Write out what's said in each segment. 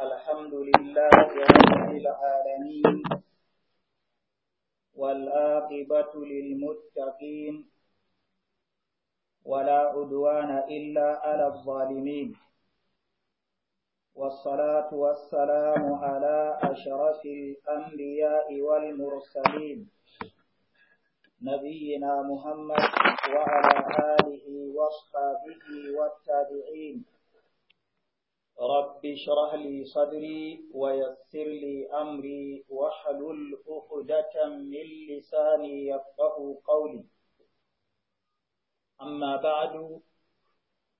الحمد لله رب العالمين والآقبة للمتقين ولا عدوان إلا على الظالمين والصلاة والسلام على أشرف الأنبياء والمرسلين نبينا محمد وعلى آله وصحبه والتابعين رب اشرح لي صدري ويسر لي أمري واحلل عقدة من لساني يفقه قولي أما بعد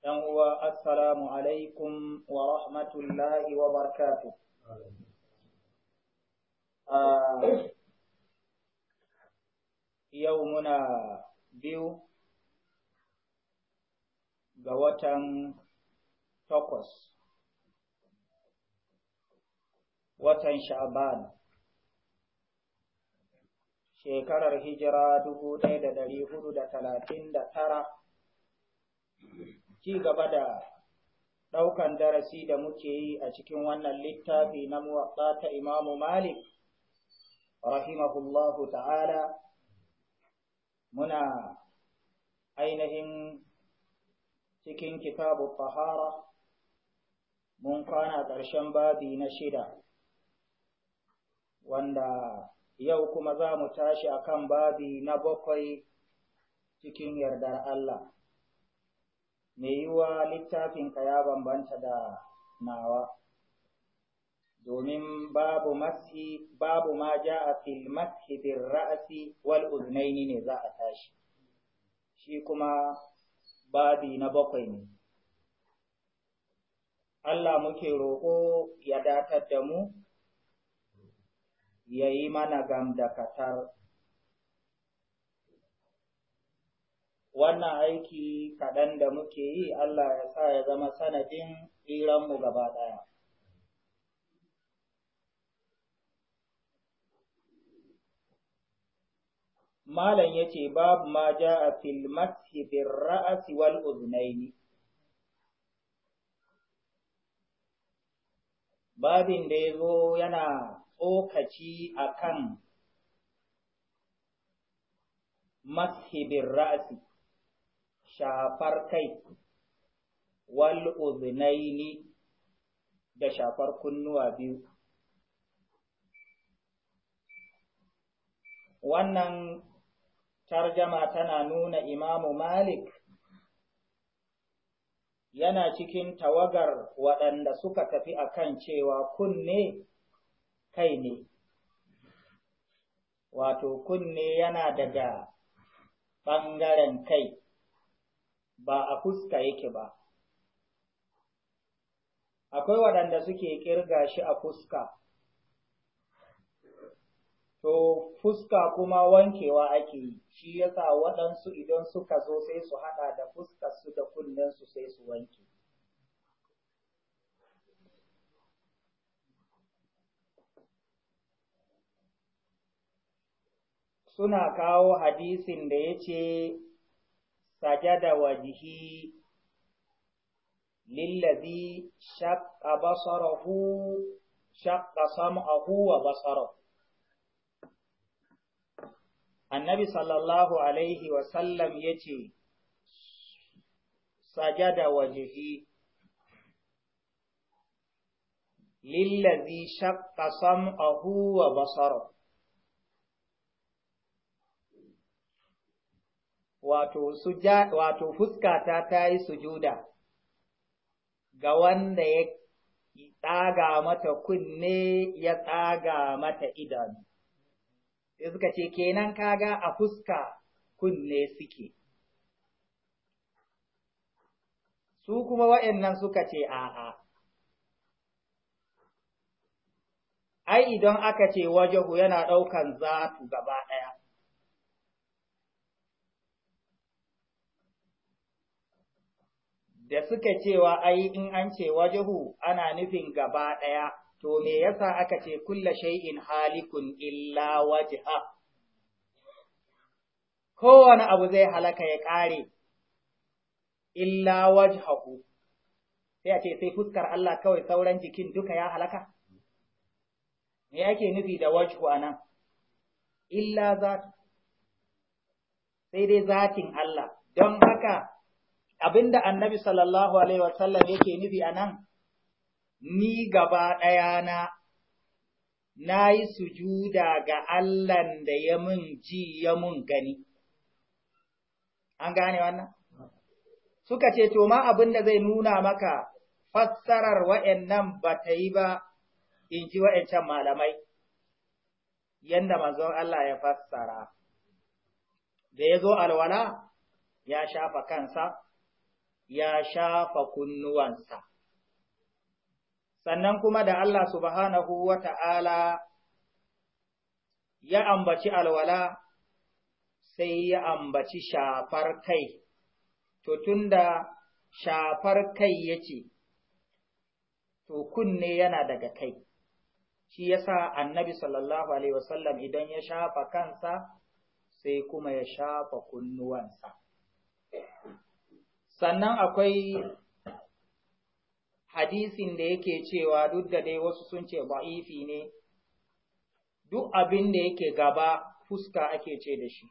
هو السلام عليكم ورحمة الله وبركاته آه يومنا بيو ga watan takwas watan sha'ban shekarar hijira dubu ɗaya da ɗari hudu da talatin da tara ci gaba da ɗaukan darasi da muke yi a cikin wannan littafi na muwaɗa ta imamu malik rahimahullahu ta'ala muna ainihin cikin kitabu fahara mun kwana ƙarshen babi na shida wanda yau kuma za mu tashi a kan babi na bakwai cikin yardar Allah. Mai yiwuwa littafinka ya bambanta da nawa, domin babu masi babu ma ja a fil ra'asi wal uznaini ne za a tashi, shi kuma babi na bakwai ne. Allah muke roƙo ya datar da mu ya yi mana gam da katar. Wannan aiki kaɗan da muke yi Allah ya sa ya zama sanadin mu gaba ɗaya. Malam ya ce, Babu ma ja a filmati ra'asi wal uznaini. Babin da ya zo yana tsokaci akan mashibin ra'asi, shafar kai, wal da shafar kunnuwa biyu. Wannan tarjama tana nuna Imamu Malik yana cikin tawagar waɗanda suka tafi akan cewa kunne kai ne wato kunne yana daga ɓangaren kai ba a fuska yake ba akwai waɗanda suke ƙirga shi a fuska to fuska kuma wankewa ake yi shi yasa waɗansu idan suka zo sai su haɗa da fuskarsu da kunnensu sai su wanke suna kawo hadisin da ya ce, Sajada wajihi lillazi shakka basarahu shakka sam'ahu wa basarahu. Annabi sallallahu Alaihi wasallam ya ce, Sajada wajihi lillazi shakka sam'ahu wa basarahu. wato suja wato fuskata ta yi sujuda ga wanda ya tsaga mata kunne ya tsaga mata idan. sai suka ce kenan kaga a fuska kunne suke su kuma waɗannan suka ce a'a ai idan aka ce wajahu yana ɗaukan zatu gaba ɗaya da suka cewa ai in an ce wajahu ana nufin gaba ɗaya, to me yasa aka ce kulla shay'in halikun illa wajha. Kowane abu zai halaka ya ƙare, illa wajhahu, sai a ce sai fuskar Allah kawai sauran jikin duka ya halaka? Me yake nufi da wajhu a nan? Illa sai dai zatin Allah, don haka abinda annabi sallallahu alaihi wasallam yake nufi anan ni gaba ɗaya na na yi sujuda ga Allahn da ya mun ji ya mun gani an gane wannan suka ce to ma da zai nuna maka fassarar wa'annan ba ta yi ba in ji wa'ancan malamai yanda manzon Allah ya fassara da ya zo alwala ya shafa kansa ya shafa kunnuwansa. Sannan kuma da Allah subhanahu wa ta'ala ya ambaci alwala sai ya ambaci shafar kai, to tunda shafar kai ya ce, to kunne yana daga kai. Shi ya sa annabi sallallahu Alaihi wasallam idan ya shafa kansa sai kuma ya shafa kunnuwansa. sannan akwai hadisin da yake cewa duk da dai wasu sun ce ba'ifi ne duk abin da yake gaba fuska ake ce da shi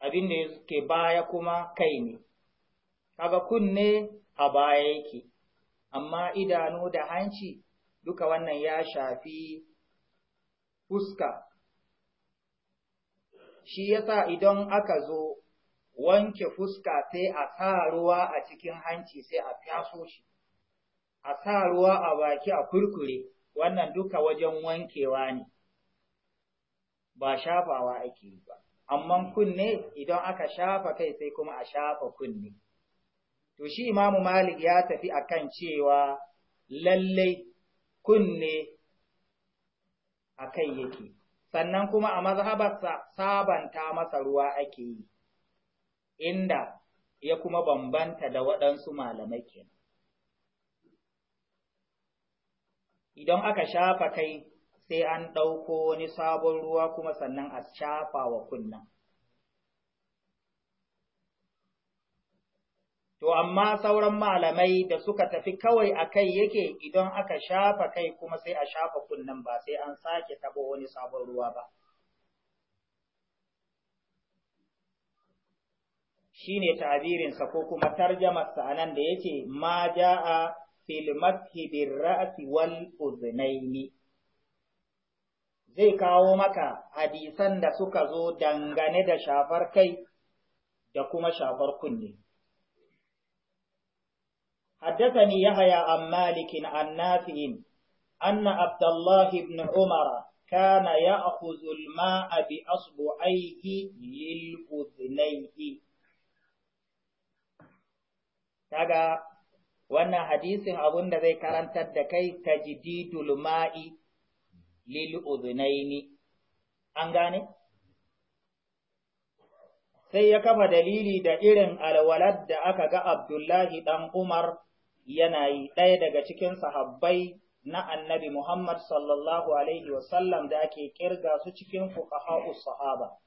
abin da yake baya kuma kai ne kaga kunne a baya yake amma idanu da hanci duka wannan ya shafi fuska shi yasa idan aka zo wanke fuska sai a sa ruwa a cikin hanci sai a fyaso shi, a sa ruwa a baki a kurkure, wannan duka wajen wankewa ne, ba shafawa ake yi ba. amma kunne idan aka shafa kai sai kuma a shafa kunne. To shi Imamu Malik ya tafi akan cewa lallai kunne a kai yake, sannan kuma a mazhabarsa sabanta masa ruwa ake yi. inda ya kuma bambanta da waɗansu malamai kenan. Idan aka shafa kai sai an ɗauko wani sabon ruwa kuma sannan a shafa wa kunnan. To, amma sauran malamai da suka tafi kawai a kai yake idan aka shafa kai kuma sai a shafa kunnan ba sai an sake taɓo wani sabon ruwa ba. Shi ne ta'birinsa ko kuma tarjamarsa nan da ya ce ma ja a mathi bir ra'si wal uzunaini zai kawo maka hadisan da suka zo dangane da shafar kai da kuma shafar kunne ya haya an حدثني يحيى عن an عن نافع أن a الله a عمر كان يأخذ aiki بأصبعيه للأذنيه kaga wannan hadisin abun da zai karantar da kai tajdidul ma'i lil udhunaini an gane sai ya kafa dalili da irin alwalad da aka ga Abdullahi ɗan Umar yana yi ɗaya daga cikin sahabbai na annabi Muhammad sallallahu Alaihi wasallam da ake kirga su cikin fuqaha'us sahaba.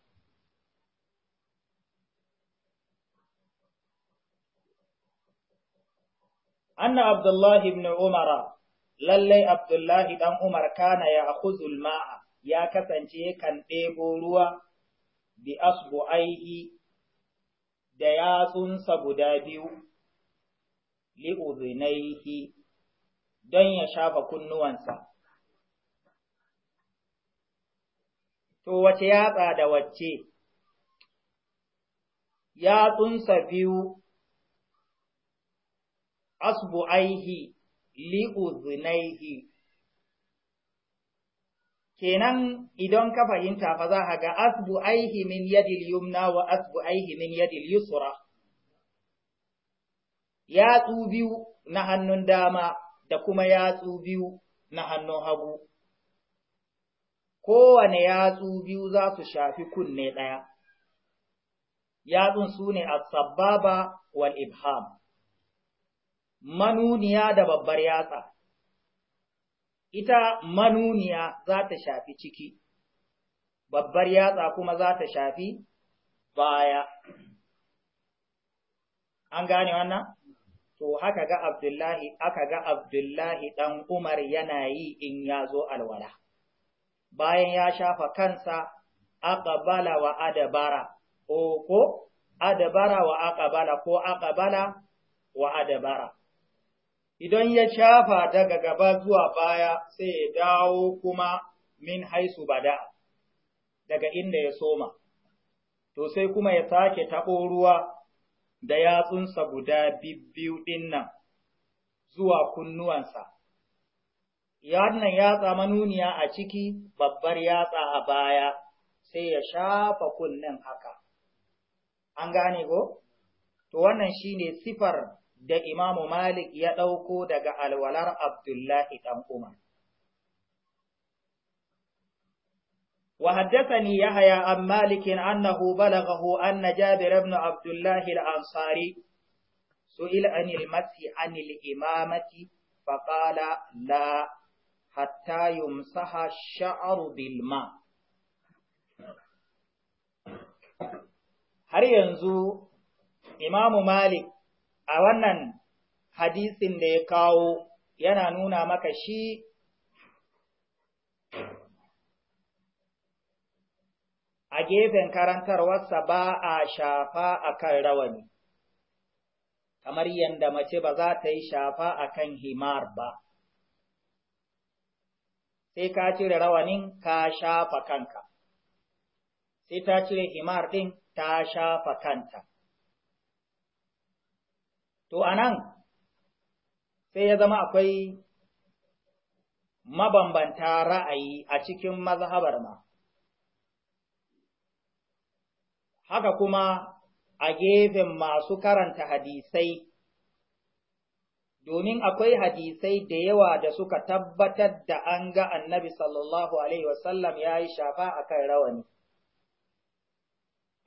anna abdullahi ibn umara lallai abdullahi dan umar kana ya akhuzul ma'a ya kasance kan ɗebo ruwa bi asbu'aihi da yatsunsa guda biyu li udhunaihi don ya shafa kunnuwansa to wace yatsa da wacce yatsunsa biyu asbu'aihi li'udhnaihi kenan idan ka fahimta fa za ka ga asbu'aihi min yadil yumna wa asbu'aihi min yadil yusra yatsu biyu na hannun dama da kuma yatsu biyu na hannun hagu kowane yatsu biyu za su shafi kunne ɗaya yatsun su ne as-sababa wal ibham manuniya da babbar yatsa. Ita manuniya za ta shafi ciki, babbar yatsa kuma za ta shafi baya. An gane wannan? To, haka ga Abdullahi, aka ga Abdullahi ɗan Umar yana yi in ya zo alwala. Bayan ya shafa kansa, aqbala wa adabara, ko ko adabara wa aqbala ko aqbala wa adabara. idan ya shafa daga gaba zuwa baya sai ya dawo kuma min haisu bada daga inda ya soma, to sai kuma ya sake taɓo ruwa da yatsunsa guda biyu ɗin nan zuwa kunnuwansa. Yannan yatsa manuniya a ciki babbar yatsa a baya sai ya shafa kunnen haka. An gane ko? To wannan shi ne sifar da Imamu Malik ya ɗauko daga alwalar Abdullahi ɗan Umar. وحدثني يحيى عن مالك أنه بلغه أن جابر بن عبد الله الأنصاري سئل عن المسح عن الإمامة فقال لا حتى يمسح الشعر بالماء har yanzu imamu malik a wannan hadisin da ya kawo yana nuna maka shi a gefen karantarwarsa ba a shafa a kan rawani, kamar yadda mace ba za ta yi shafa a kan himar ba, sai ka cire rawanin ka shafa kanka, sai ta cire himar ɗin ta shafa kanta. To anan sai ya zama akwai mabambanta ra'ayi a cikin mazhabar ma. Haka kuma a gefen masu karanta hadisai, domin akwai hadisai da yawa da suka tabbatar da an ga annabi sallallahu Alaihi wasallam ya yi shafa a kan rawani.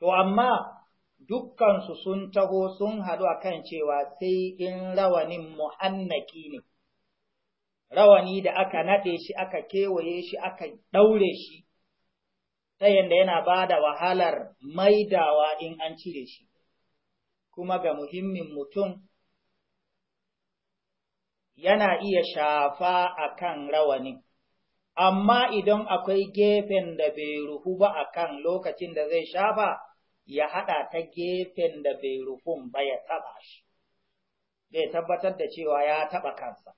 To amma dukkansu sun taho sun haɗu a kan cewa sai in rawanin muhannaki ne, rawani da aka naɗe shi aka kewaye shi aka ɗaure shi, ta yadda yana ba da wahalar maidawa in an cire shi, kuma ga muhimmin mutum yana iya shafa a kan rawanin. Amma idan akwai gefen da bai ruhu ba a kan lokacin da zai shafa, ya haɗa ta gefen da bai rufun ba ya taɓa shi, zai tabbatar da cewa ya taɓa kansa.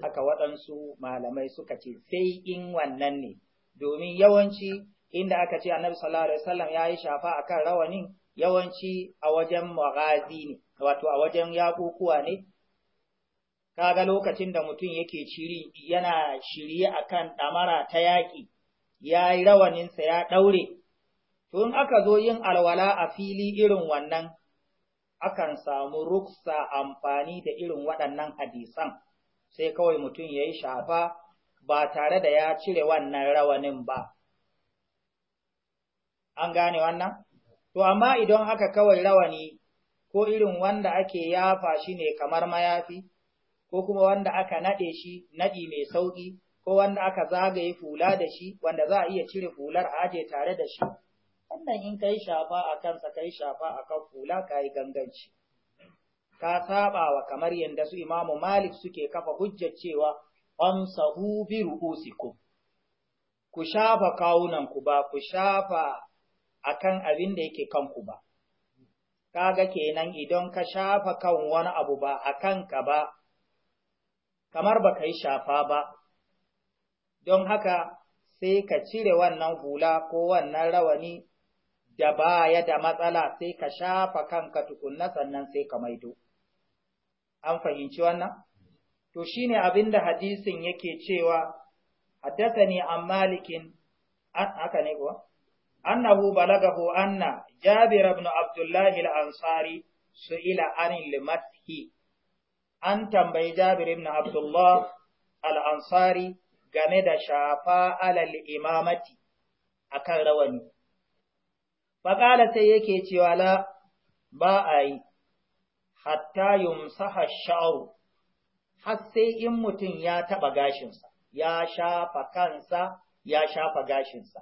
Haka waɗansu malamai suka ce sai in wannan ne, domin yawanci inda aka ce annabi sallallahu alaihi wasallam ya yi shafa a kan rawanin yawanci a wajen magazi ne, wato a wajen yaƙuƙuwa ne, kaga lokacin da mutum yake shiri yana shirye akan ɗamara ta yaƙi, ya yi rawaninsa ya ɗaure, To in aka zo yin alwala a fili irin wannan, akan samu ruksa amfani da irin waɗannan hadisan, sai kawai mutum ya yi shafa ba tare da ya cire wannan rawanin ba. An gane wannan? To, amma idan aka kawai rawani ko irin wanda ake yafa shi ne kamar mayafi, ko kuma wanda aka naɗe shi naɗi mai sauƙi, ko wanda aka zagaye fula da shi, wanda za a iya cire fular aje tare da shi. wannan in kai shafa a kansa kai shafa a kan fula ka yi ganganci ka saba wa kamar yadda su imamu malik suke kafa hujjar cewa sahu bi ru'usikum ku shafa kawunan ba ku shafa akan abin da yake kanku ba kaga kenan idan ka shafa kan wani abu ba akan ka ba kamar ba ka yi shafa ba don haka sai ka cire wannan hula ko wannan rawani da ya da matsala sai ka shafa kanka tukunna sannan sai ka maido. An fahimci wannan? To shi ne abin da hadisin yake cewa, haddasa ne an malikin, haka ne kuwa? Annahu balagahu anna Jabir ibn Abdullahi al-Ansari su'ila an An tambayi Jabir ibn Abdullah al-Ansari game da shafa alal imamati akan rawani. faƙala sai yake cewa la ba a yi, hatta yumsaha sha'ru, har sai in mutum ya taɓa gashinsa, ya shafa kansa, ya shafa gashinsa.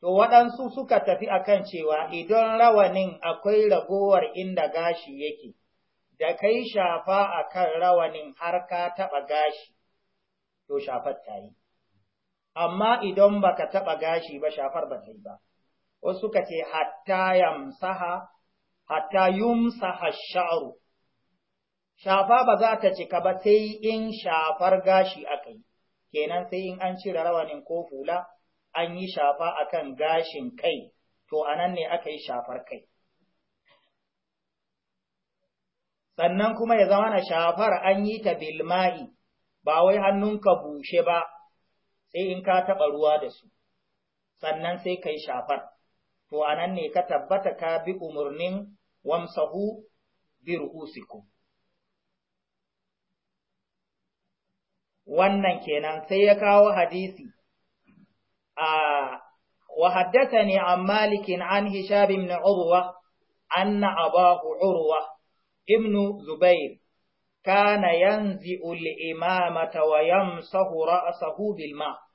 To waɗansu suka tafi akan cewa idan rawanin akwai ragowar inda gashi yake, da kai shafa akan rawanin har ka taɓa gashi, to shafar ta yi. Amma idan baka taɓa gashi ba shafar ba ta yi ba. wasu suka ce hatta yamsaha hatta yumsaha shafa ba za ta cika ba sai in shafar gashi aka yi kenan sai in an cire rawanin ko hula an yi shafa akan gashin kai to anan ne aka yi shafar kai sannan kuma ya zama na shafar an yi ta bilma'i ba wai hannunka bushe ba sai in ka taɓa ruwa da su sannan sai ka yi shafar to anan ne ka tabbata ka bi umarnin wamsahu bi ru'usikum wannan kenan sai ya kawo hadisi a wa haddathani an malik an hishab ibn urwa anna abahu urwa ibn zubair kana yanzi al-imamata wa yamsahu ra'sahu bil ma'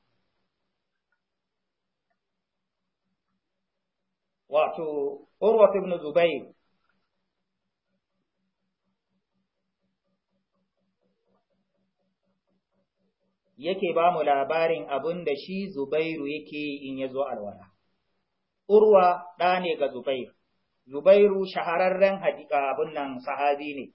wato Urwa ibn Zubair yake ba mu labarin abin da shi Zubairu yake in ya zo alwala. Urwa ɗa ne ga Zubairu, Zubairu shahararren abin nan sahabi ne,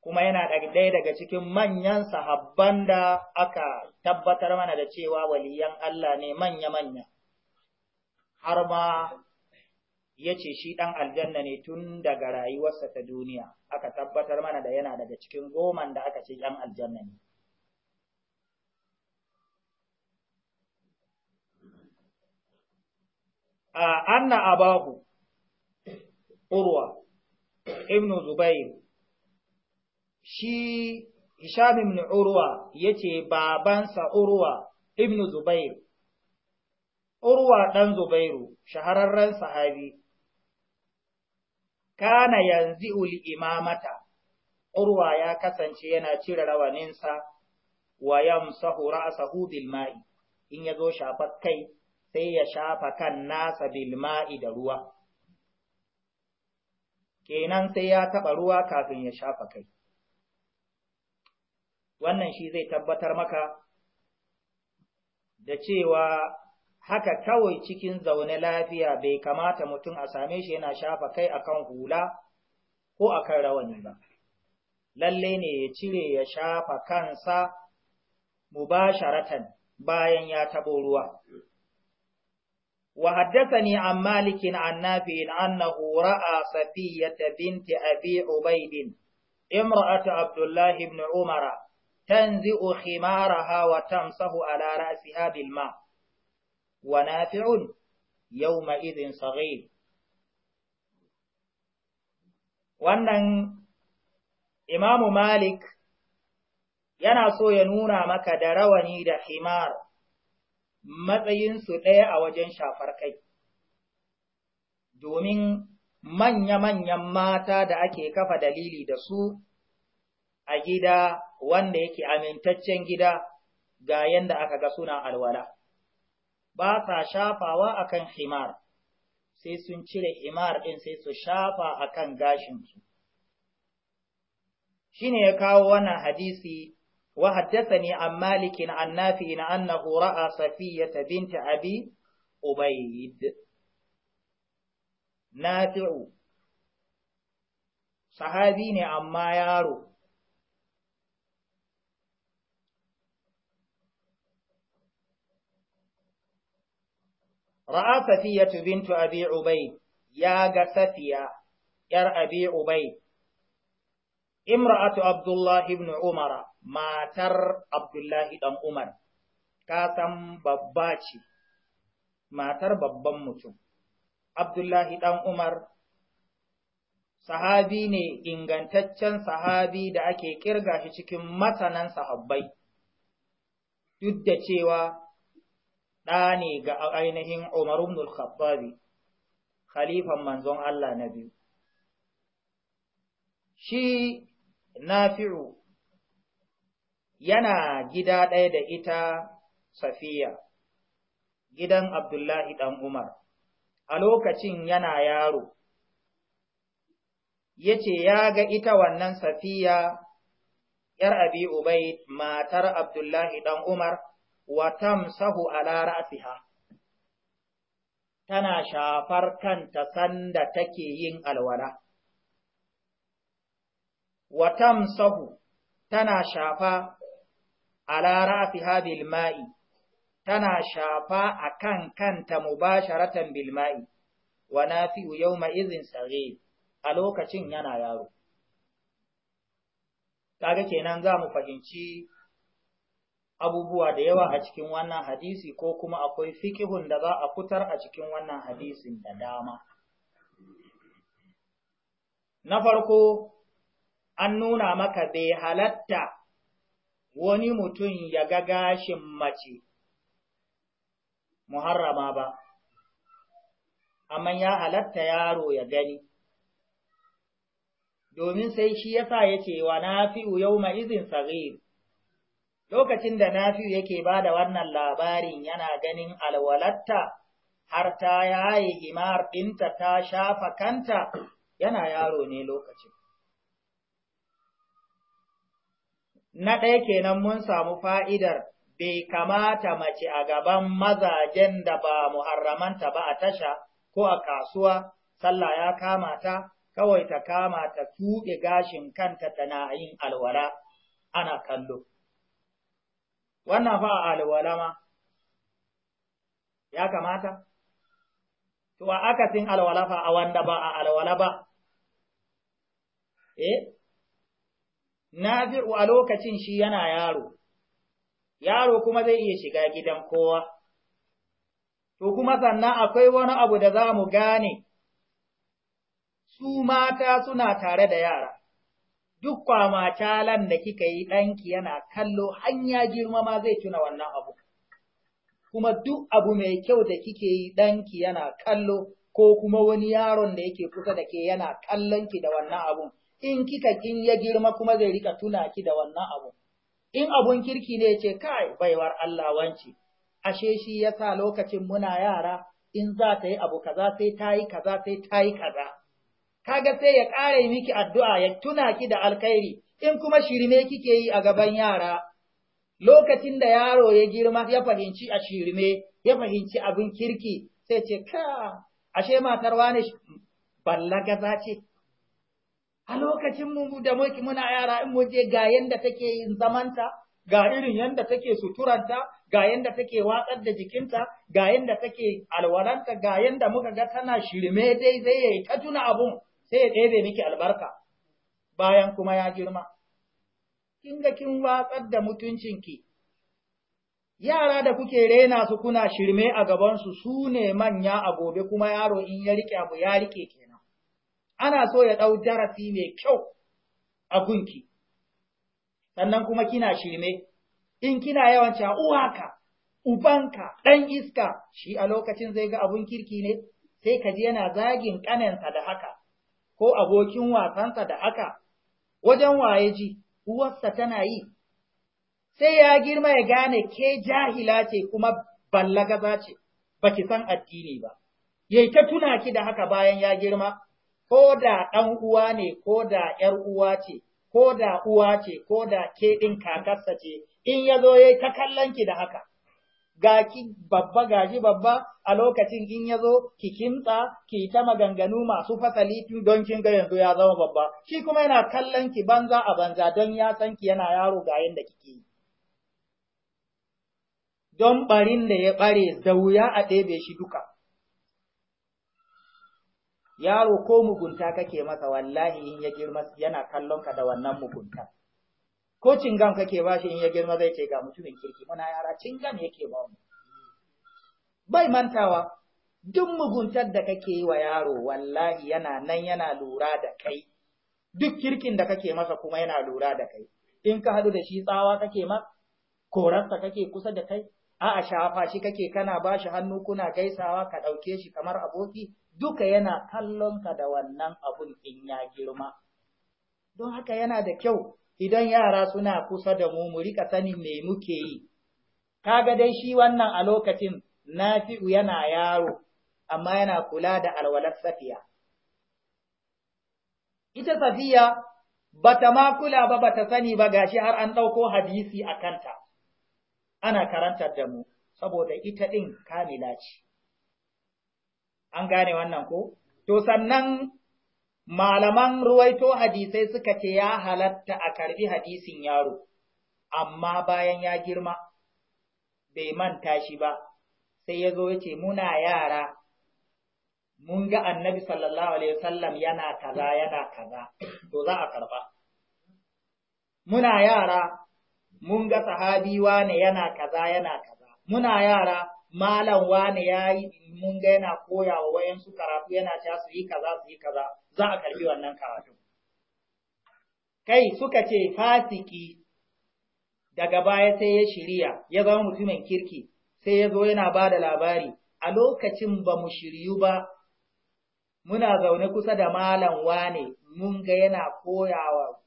kuma yana ɗaya daga cikin manyan sahabban da aka tabbatar mana da cewa waliyan Allah ne manya-manya. har ma ya shi ɗan aljanna ne tun daga rayuwarsa ta duniya aka tabbatar mana da yana daga cikin goman da aka ce ɗan aljanna ne. Anna abahu Urwa ibn Zubair shi Hisham ibn Urwa yace babansa Urwa Ibnu Zubair Urwa ɗan Zubairu, shahararren sahabi, kana yanzu uli imamata, Urwa ya kasance yana cire rawaninsa wa yamsahu ra'sahu bil ma'i in zo shafar kai sai ya shafa kan nasa bilma'i da ruwa kenan sai ya taɓa ruwa kafin ya shafa kai wannan shi zai tabbatar maka da cewa haka kawai cikin zaune lafiya bai kamata mutum a same shi yana shafa kai akan hula ko akan rawani ba. Lalle ne ya cire ya shafa kansa mubasharatan bayan ya taɓo ruwa. Wa haddathani an malikin an nafi'in annahu ra'a safiyata binti abi ubaidin imra'atu abdullahi ibn umara tanzi'u khimaraha wa tamsahu ala ra'siha bil ma' ونافع يومئذ صغير wannan imamu malik yana so ya nuna maka da rawani da himar matsayinsu ɗaya a wajen shafar kai domin manya-manyan mata da ake kafa dalili da su a gida wanda yake amintaccen gida ga yanda aka ga suna alwala. ba sa shafawa kan himar sai sun cire himar ɗin sai su shafa a kan gashinsu shine ya kawo wannan hadisi wa ni an malikin an nafi na annahu ra'a safiyata binta abi Ubaid. nafi'u sahabi ne amma yaro ra'a safiyatu bintu abi ubay ya ga safiya yar abi ubay imra'atu abdullah ibn umara matar abdullahi dan umar ka san babba ce matar babban mutum abdullahi dan umar sahabi ne ingantaccen sahabi da ake ƙirga shi cikin masanan sahabbai, duk da cewa ɗa ne ga ainihin Umar ibn al-Khattabi khalifan manzon Allah na biyu shi Nafi'u yana gida ɗaya da ita Safiya gidan Abdullahi Ɗan Umar a lokacin yana yaro yace ya ga ita wannan Safiya ‘yar Abi Ubaid matar Abdullahi ɗan Umar wa sahu ala ra'siha tana shafar kanta sanda take yin alwala wa sahu tana shafa ala ra'siha bil ma'i tana shafa akan kanta mubasharatan bil ma'i wa nafi'u yawma idhin saghir a lokacin yana yaro kaga kenan za mu fahimci abubuwa da yawa a cikin wannan hadisi ko kuma akwai fikihun da za a fitar a cikin wannan hadisin da dama. Na farko, an nuna maka bai halatta wani mutum ya ga gashin mace, muharrama ba, amma ya halatta yaro ya gani. Domin sai shi yasa ya ce wa na fi yau ma'izin sarir. lokacin da nafi'u yake ba da wannan labarin yana ganin alwalatta har ta yaye himar ɗinta ta shafa kanta yana yaro ne lokacin. Na ɗaya kenan mun samu fa'idar bai kamata mace a gaban mazajen da ba mu muharramanta ba a tasha ko a kasuwa, sallah ya kamata kawai ta kama ta tuɗe gashin kanta tana yin alwala ana kallo. wannan fa alwala ma ya kamata to a akasin alwala fa a wanda ba a alwala ba eh nafi'u a lokacin shi yana yaro yaro kuma zai iya shiga gidan kowa to kuma sannan akwai wani abu da za mu gane su mata suna tare da yara duk kwama talan da kika yi ɗanki yana kallo hanya girma ma zai tuna wannan abu. Kuma duk abu mai kyau da kike yi ɗanki yana kallo ko kuma wani yaron da yake kusa da ke yana kallon ki da wannan abu In kika kin ya girma kuma zai rika tuna ki da wannan abu In abun kirki ne ce kai baiwar Allah wanci. Ashe shi yasa lokacin muna yara in za ta yi abu kaza sai ta yi kaza sai ta yi kaza. kaga sai ya ƙara miki addu'a ya tuna ki da alkhairi in kuma shirme kike yi a gaban yara lokacin da yaro ya girma ya fahimci a shirme ya fahimci abin kirki sai ce ka ashe matar wane gaza ce a lokacin mu da muke muna yara in muje ga yanda take yin zamanta ga irin yanda take suturanta ga yanda take watsar da jikinta ga yanda take alwalanta ga yanda muka ga tana shirme dai zai yayi ta tuna abun sai ya ɗebe miki albarka bayan kuma ya girma. Kin ga kin watsar da mutuncinki, yara da kuke rena su kuna shirme a gabansu su ne manya a gobe kuma yaro in ya rike abu ya rike kenan. Ana so ya ɗau darasi mai kyau a gunki, sannan kuma kina shirme, in kina yawan ca uwaka, ubanka, ɗan iska, shi a lokacin zai ga abun kirki ne, sai ka ji yana zagin ƙanensa da haka. ko abokin wasansa da aka wajen waye ji uwarsa tana yi sai ya girma ya gane ke jahila ce kuma ballagaza ce ki san addini ba Yai ta tuna ki da haka bayan ya girma ko da ɗan uwa ne ko da ‘yar uwa ce ko da uwa ce ko da ke ɗin kakarsa ce in ya zo yai ta kallon ki da haka gaki babba gaji babba a lokacin in ya zo ki kimtsa ki ta maganganu masu fasali don kin ga yanzu ya zama babba shi kuma yana kallon ki banza a banza don ya san ki yana yaro ga yanda kike yi don barin da ya bare da wuya a ɗebe shi duka yaro ko mugunta kake masa wallahi in ya girma yana kallon ka da wannan mugunta ko cingam kake ba shi in ya girma zai ce ga mutumin kirki muna yara cingam yake ba mu bai mantawa duk muguntar da kake yi wa yaro wallahi yana nan yana lura da kai duk kirkin da kake masa kuma yana lura da kai in ka haɗu da shi tsawa kake ma korarsa kake kusa da kai a'a shafa shi kake kana ba shi hannu kuna gaisawa ka ɗauke shi kamar aboki duka yana kallon ka da wannan abun in ya girma don haka yana da kyau idan yara suna kusa da mu mu rika sanin me muke yi kaga dai shi wannan a lokacin nafi'u yana yaro amma yana kula da alwalar safiya ita safiya bata ma kula ba bata sani ba gashi har an ɗauko hadisi a kanta ana karantar da mu saboda ita ɗin kamila ce an gane wannan ko to sannan malaman ruwaito hadisai suka ce ya halatta a karbi hadisin yaro, amma bayan ya girma, bai manta shi ba, sai ya zo ya ce muna yara, mun ga annabi sallallahu Alaihi wasallam yana kaza yana kaza, to za a karba. Muna yara, mun ga sahabiwa ne yana kaza yana kaza, muna yara, malam wane ya yi mun ga yana koya wa wayansu karatu yana cewa su yi kaza su yi kaza za a karbi wannan karatu kai suka ce fasiki daga baya sai ya shirya ya zama mutumin kirki sai ya zo yana ba da labari a lokacin ba mu shiryu ba muna zaune kusa da malam wane mun ga yana koyawa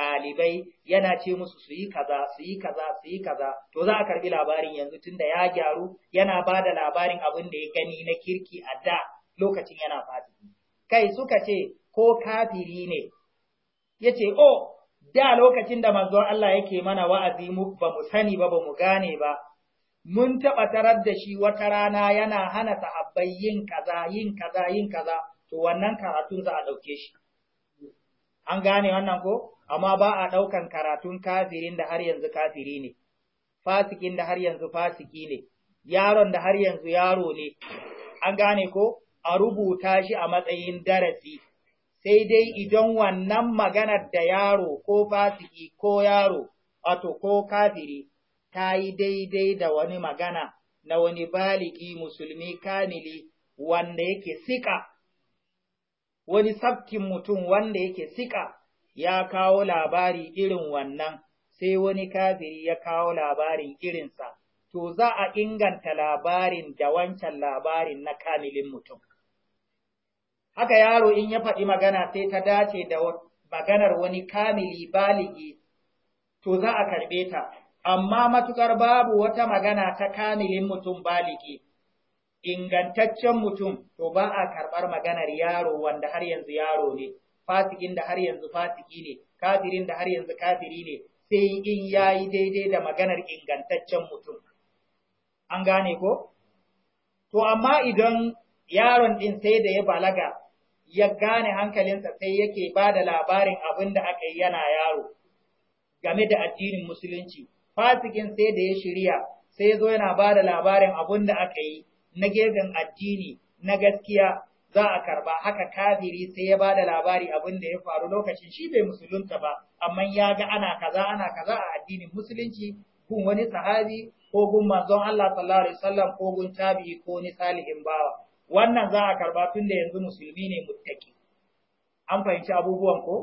ɗalibai yana ce musu su yi kaza su yi kaza su yi kaza to za a karbi labarin yanzu tunda ya gyaru yana ba da labarin abin da ya gani na kirki a da lokacin yana fasiki kai suka ce ko kafiri ne ya ce o oh, da lokacin da manzon Allah yake mana wa'azi mu ba mu sani ba ba mu gane ba mun taɓa tarar da shi wata rana yana hana sahabbai yin kaza yin kaza yin kaza to wannan karatun za a ɗauke shi an gane wannan ko amma ba a ɗaukan karatun kafirin da har yanzu kafiri ne, fasikin da har yanzu fasiki ne, yaron da har yanzu yaro ne, an gane ko a rubuta shi a matsayin darasi, sai dai idan wannan maganar da yaro ko fasiki ko yaro, wato ko kafiri, ta yi daidai da wani magana na wani baliki musulmi kanili wanda yake sika, wani sabkin mutum wanda yake sika. ya kawo labari irin wannan, sai wani kafiri ya kawo labarin irinsa, to za a inganta labarin da wancan labarin na kamilin mutum. Haka yaro in ya faɗi magana sai ta dace da maganar wani kamili baligi, to za a karɓe ta, amma matuƙar babu wata magana ta kamilin mutum baligi. ingantaccen mutum to ba a karɓar maganar yaro wanda har yanzu yaro ne, fasikin da har yanzu fasiki ne kafirin da har yanzu kafiri ne sai in yi daidai da maganar ingantaccen mutum an gane ko to amma idan yaron ɗin sai da ya balaga ya gane hankalinsa sai yake ba da labarin abin da aka yi yana yaro game da addinin musulunci fasikin sai da ya shirya sai zo yana ba da labarin abin da aka yi na gefen addini na gaskiya za a karba haka kafiri sai ya bada labari abin da ya faru lokacin shi bai musulunta ba amma ya ga ana kaza ana kaza a addinin musulunci gun wani sahabi ko gun manzon Allah sallallahu alaihi wasallam ko gun tabi'i ko ni salihin bawa wannan za a karba tun da yanzu musulmi ne muttaki an fahimci abubuwan ko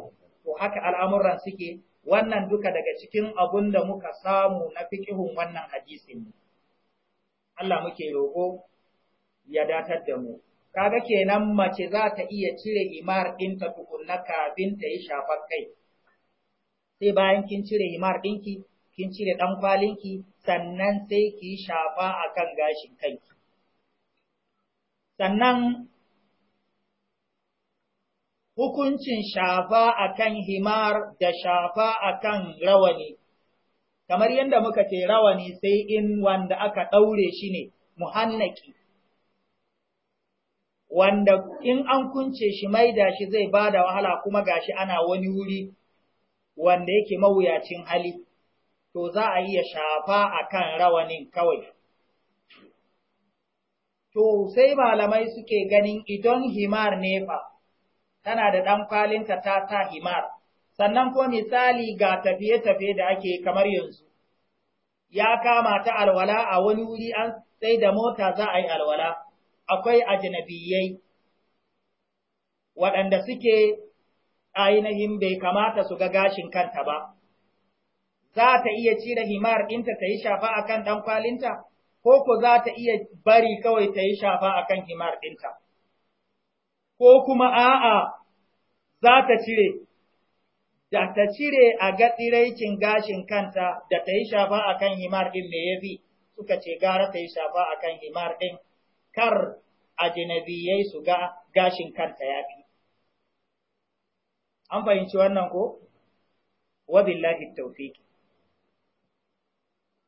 to haka al'amuran suke wannan duka daga cikin abun da muka samu na fiqihun wannan hadisin Allah muke roko ya datar da mu kaga kenan mace za ta iya cire himar ɗinta tukunna kafin ta yi shafar kai sai bayan kin cire himar ɗinki kin cire ɗan kwalinki sannan sai ki shafa a kan gashin kanki sannan hukuncin shafa a kan himar da shafa a kan rawani, kamar yadda muka ce rawani sai in wanda aka ɗaure shi ne muhannaki, wanda in an kunce shi maida shi zai ba da wahala kuma gashi ana wani wuri wanda yake mawuyacin hali, to za a iya shafa a kan rawanin kawai. To sai malamai suke ganin idan himar nefa, tana da ɗan kwalinta ta ta himar, sannan ko misali ga tafiye-tafiye da ake kamar yanzu, ya kama ta alwala a wani wuri an sai da mota za a yi alwala. akwai ajnabiyai waɗanda suke ainihin bai kamata su ga gashin kanta ba, za ta iya cire himar ɗinta ta yi shafa a kan ɗan kwalinta, ko ko za ta iya bari kawai ta yi shafa a kan himar ɗinta, ko kuma a'a za ta cire, da ta cire a ga gashin kanta da ta yi shafa a kan himar ɗin me ya bi suka ce gara ta yi shafa a kan himar ɗin kar ajinabiyai su ga gashin kanta ya fi. An fahimci wannan ko? Wabillahi Taufiq.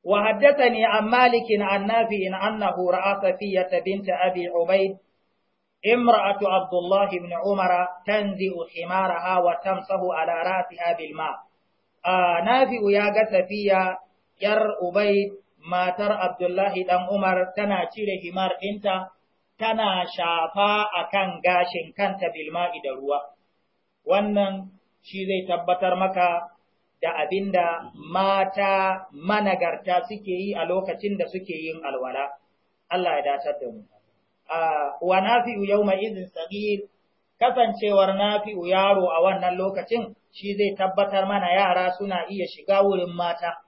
Wa haddathani an malikin an nafi'in annahu ra'a Safiyyata binta Abi Ubaid imra'atu Abdullahi ibn Umar tanzi'u himaraha wa tamsahu ala ra'siha bil ma. Ah, nafi'u ya ga Safiya yar Ubaid matar Abdullahi ɗan Umar tana cire himar ɗinta, tana shafa a kan gashin kanta bilma'i da ruwa. Wannan shi zai tabbatar maka da abinda mata managarta suke yi a lokacin da suke yin alwala. Allah ya datar da mu. Wa nafi'u yau mai izin sagir, kasancewar nafi'u yaro a wannan lokacin shi zai tabbatar mana yara suna iya shiga wurin mata.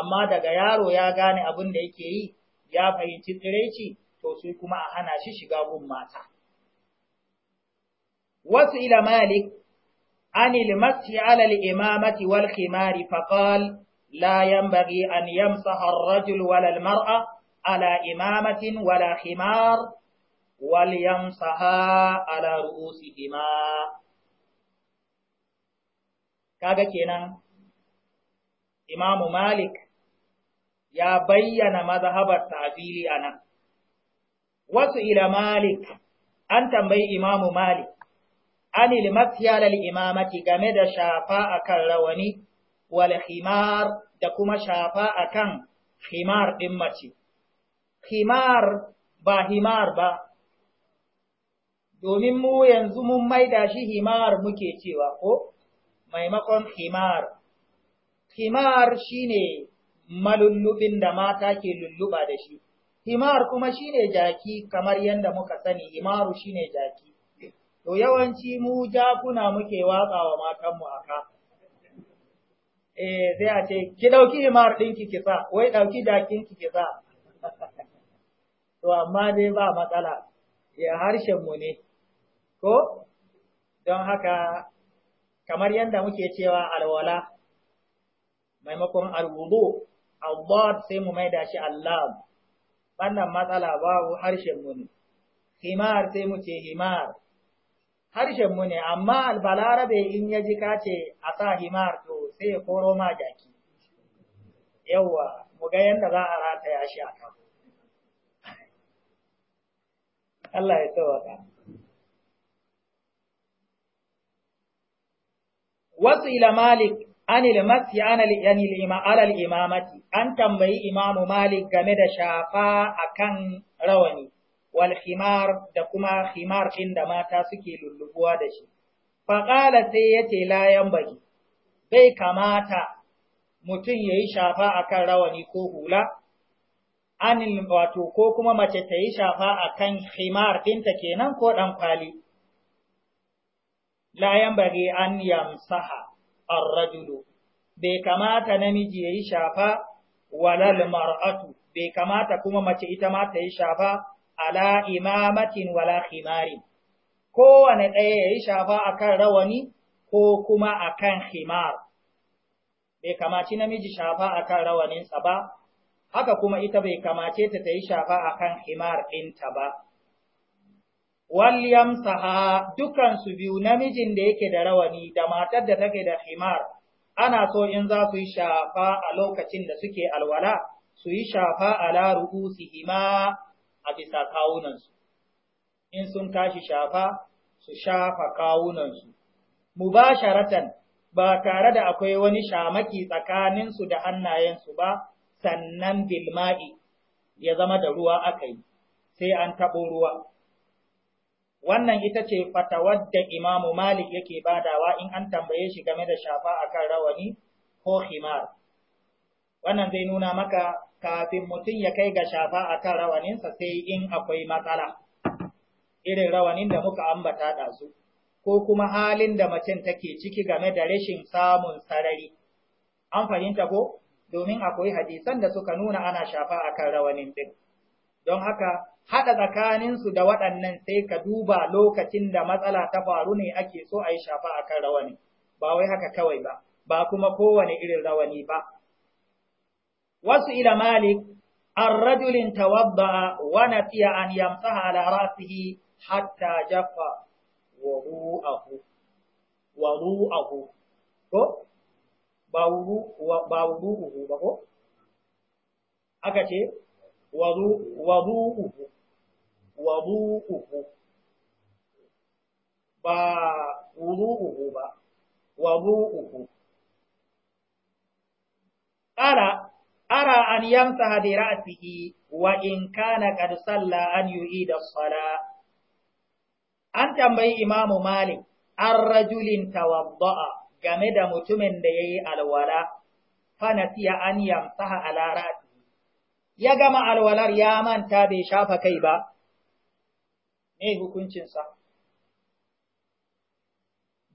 amma daga yaro ya gane abin da yake yi ya fahimci tsiraici to sai kuma a hana shi shiga gun mata wasu ila malik Ani masi ala imamati wal khimari faƙal la yanbaghi an yamsaha ar-rajul wala mara ala imamatin wala khimar wal yamsaha ala ru'usihima kaga kenan imamu malik ya bayyana mazhabar tafili a nan. Wasu ila Malik, an tambayi Imamu Malik, an ilmasiya imamati game da shafa akan rawani, wal himar da kuma shafa akan himar ɗin mace. Himar ba himar ba, domin mu yanzu mun maida shi himar muke cewa ko, maimakon himar. Himar shine malullubin da mata ke lulluba da shi. Himar kuma shi ne jaki kamar yadda muka sani, himaru shi ne jaki. To yawanci mu jakuna muke watsa wa matanmu ka. Eh sai a ce, ki ɗauki himar ɗinki ki sa, wai ɗauki jakinki ki sa. To amma dai ba matsala, ya mu ne, ko? Don haka, kamar yadda muke cewa alwala, maimakon alwudu Allah sai mu maida shi allah wannan matsala babu harshen mu ne himar sai mu ce himar harshen mu ne amma albalarabe in ya ji ka ce a sa himar to sai ya koro ma jaki yawa mu ga yanda za a rataya shi a kan Allah ya tsawata wasu ila malik anil masi alal imamati an tambayi imamu malik game da shafa akan rawani wal khimar da kuma khimar ɗin da mata suke lullubuwa da shi faƙala sai yace ce layan bai kamata mutum ya yi shafa akan rawani ko hula anil wato ko kuma mace ta yi shafa akan khimar ɗinta kenan ko ɗan kwali layan bari an yamsaha ar-rajulu bai kamata namiji yayi shafa walal mar'atu bai kamata kuma mace ita ma ta yi shafa ala imamatin wala khimarin kowane ɗaya yayi shafa akan rawani ko kuma akan khimar bai kamaci namiji shafa akan rawaninsa ba haka kuma ita bai kamace ta ta yi shafa akan khimar ɗinta ba walyamsaha Saha, su biyu namijin da yake da rawani da matar da take da himar ana so in za su yi shafa a lokacin da suke alwala su yi shafa ala hima a bisa kawunansu in sun tashi shafa su shafa kawunansu mubasharatan ba tare da akwai wani shamaki tsakaninsu da hannayensu ba sannan bilma'i ya zama da ruwa aka yi sai an taɓo ruwa wannan ita ce fatawar da Imamu Malik yake badawa in an tambaye shi game da shafa akan rawani ko himar. Wannan zai nuna maka kafin mutum ya kai ga shafa akan rawaninsa sai in akwai matsala, irin rawanin da muka ambata ɗazu, ko kuma halin da macen take ciki game da rashin samun sarari. An fahimta ko? Domin akwai hadisan da suka nuna ana shafa akan rawanin din Don haka, haɗa tsakaninsu da waɗannan sai ka duba lokacin da matsala ta faru ne ake so a yi shafa a kan rawani, ba wai haka kawai ba, ba kuma kowane irin rawani ba. Wasu ila Malik, an rajulin tawadda wa nasiya an yamsa ala rasihi hatta Jafa wa ru'ahu. Wa ru'ahu. Ko? Ba wuru'uhu ba ko? Aka ce, wadu'uhu wadu'uhu ba wudu'uhu ba wadu'uhu qala ara an yamsaha bi ra'sihi wa in kana qad salla an yu'ida as-salah an tambayi imamu malik an rajulin tawadda'a game da mutumin da ya yi alwala fanasiya an yamsaha ala ya gama alwalar ya manta bai shafa kai ba, me hukuncinsa?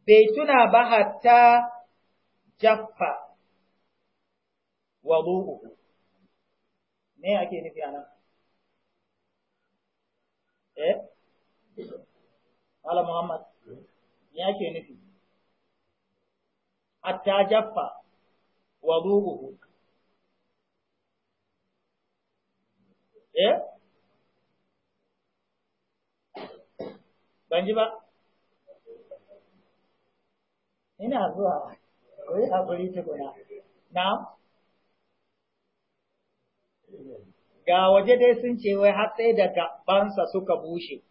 Bai tuna ba hatta jaffa wa me ake nufi anan? Eh? Mala Muhammad, me ake nufi? Hatta jaffa wa eh ban ji ba ina zuwa kuri haƙuri guda, na ga waje dai sun ce wai har sai da gabansa suka bushe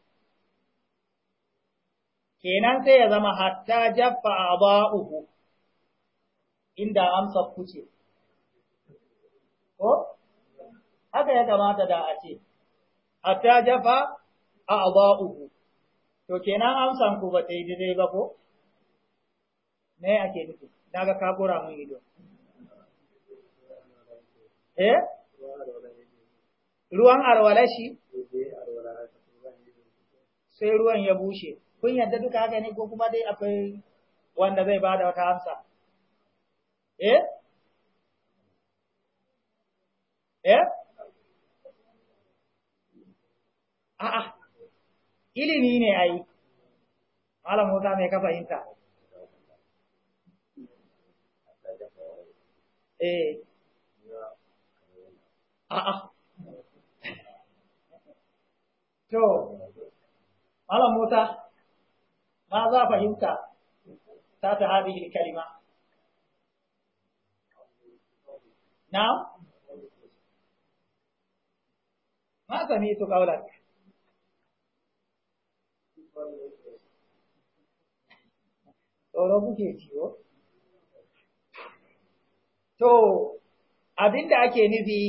kenan sai ya zama hatta jaffa a ba'uhu inda amsa kuce ko haka ya kamata da a ce hatta jafa a uku. to kenan amsan ku ba ta yi daidai ba ko me ake nufi na ka kakura mun ido eh ruwan arwalashi sai ruwan ya bushe kun yadda duka haka ne ko kuma dai akwai wanda zai bada wata amsa eh eh A'a, ilimi ne ai, yi, Malam Musa mai ka fahimta. Eh, a'a. To, Malam Musa, ma za fahimta ta ta haɗe kalima. Na? Ma sami su ƙaunar. Tsoro kuke ciwo? To, abinda da ake nufi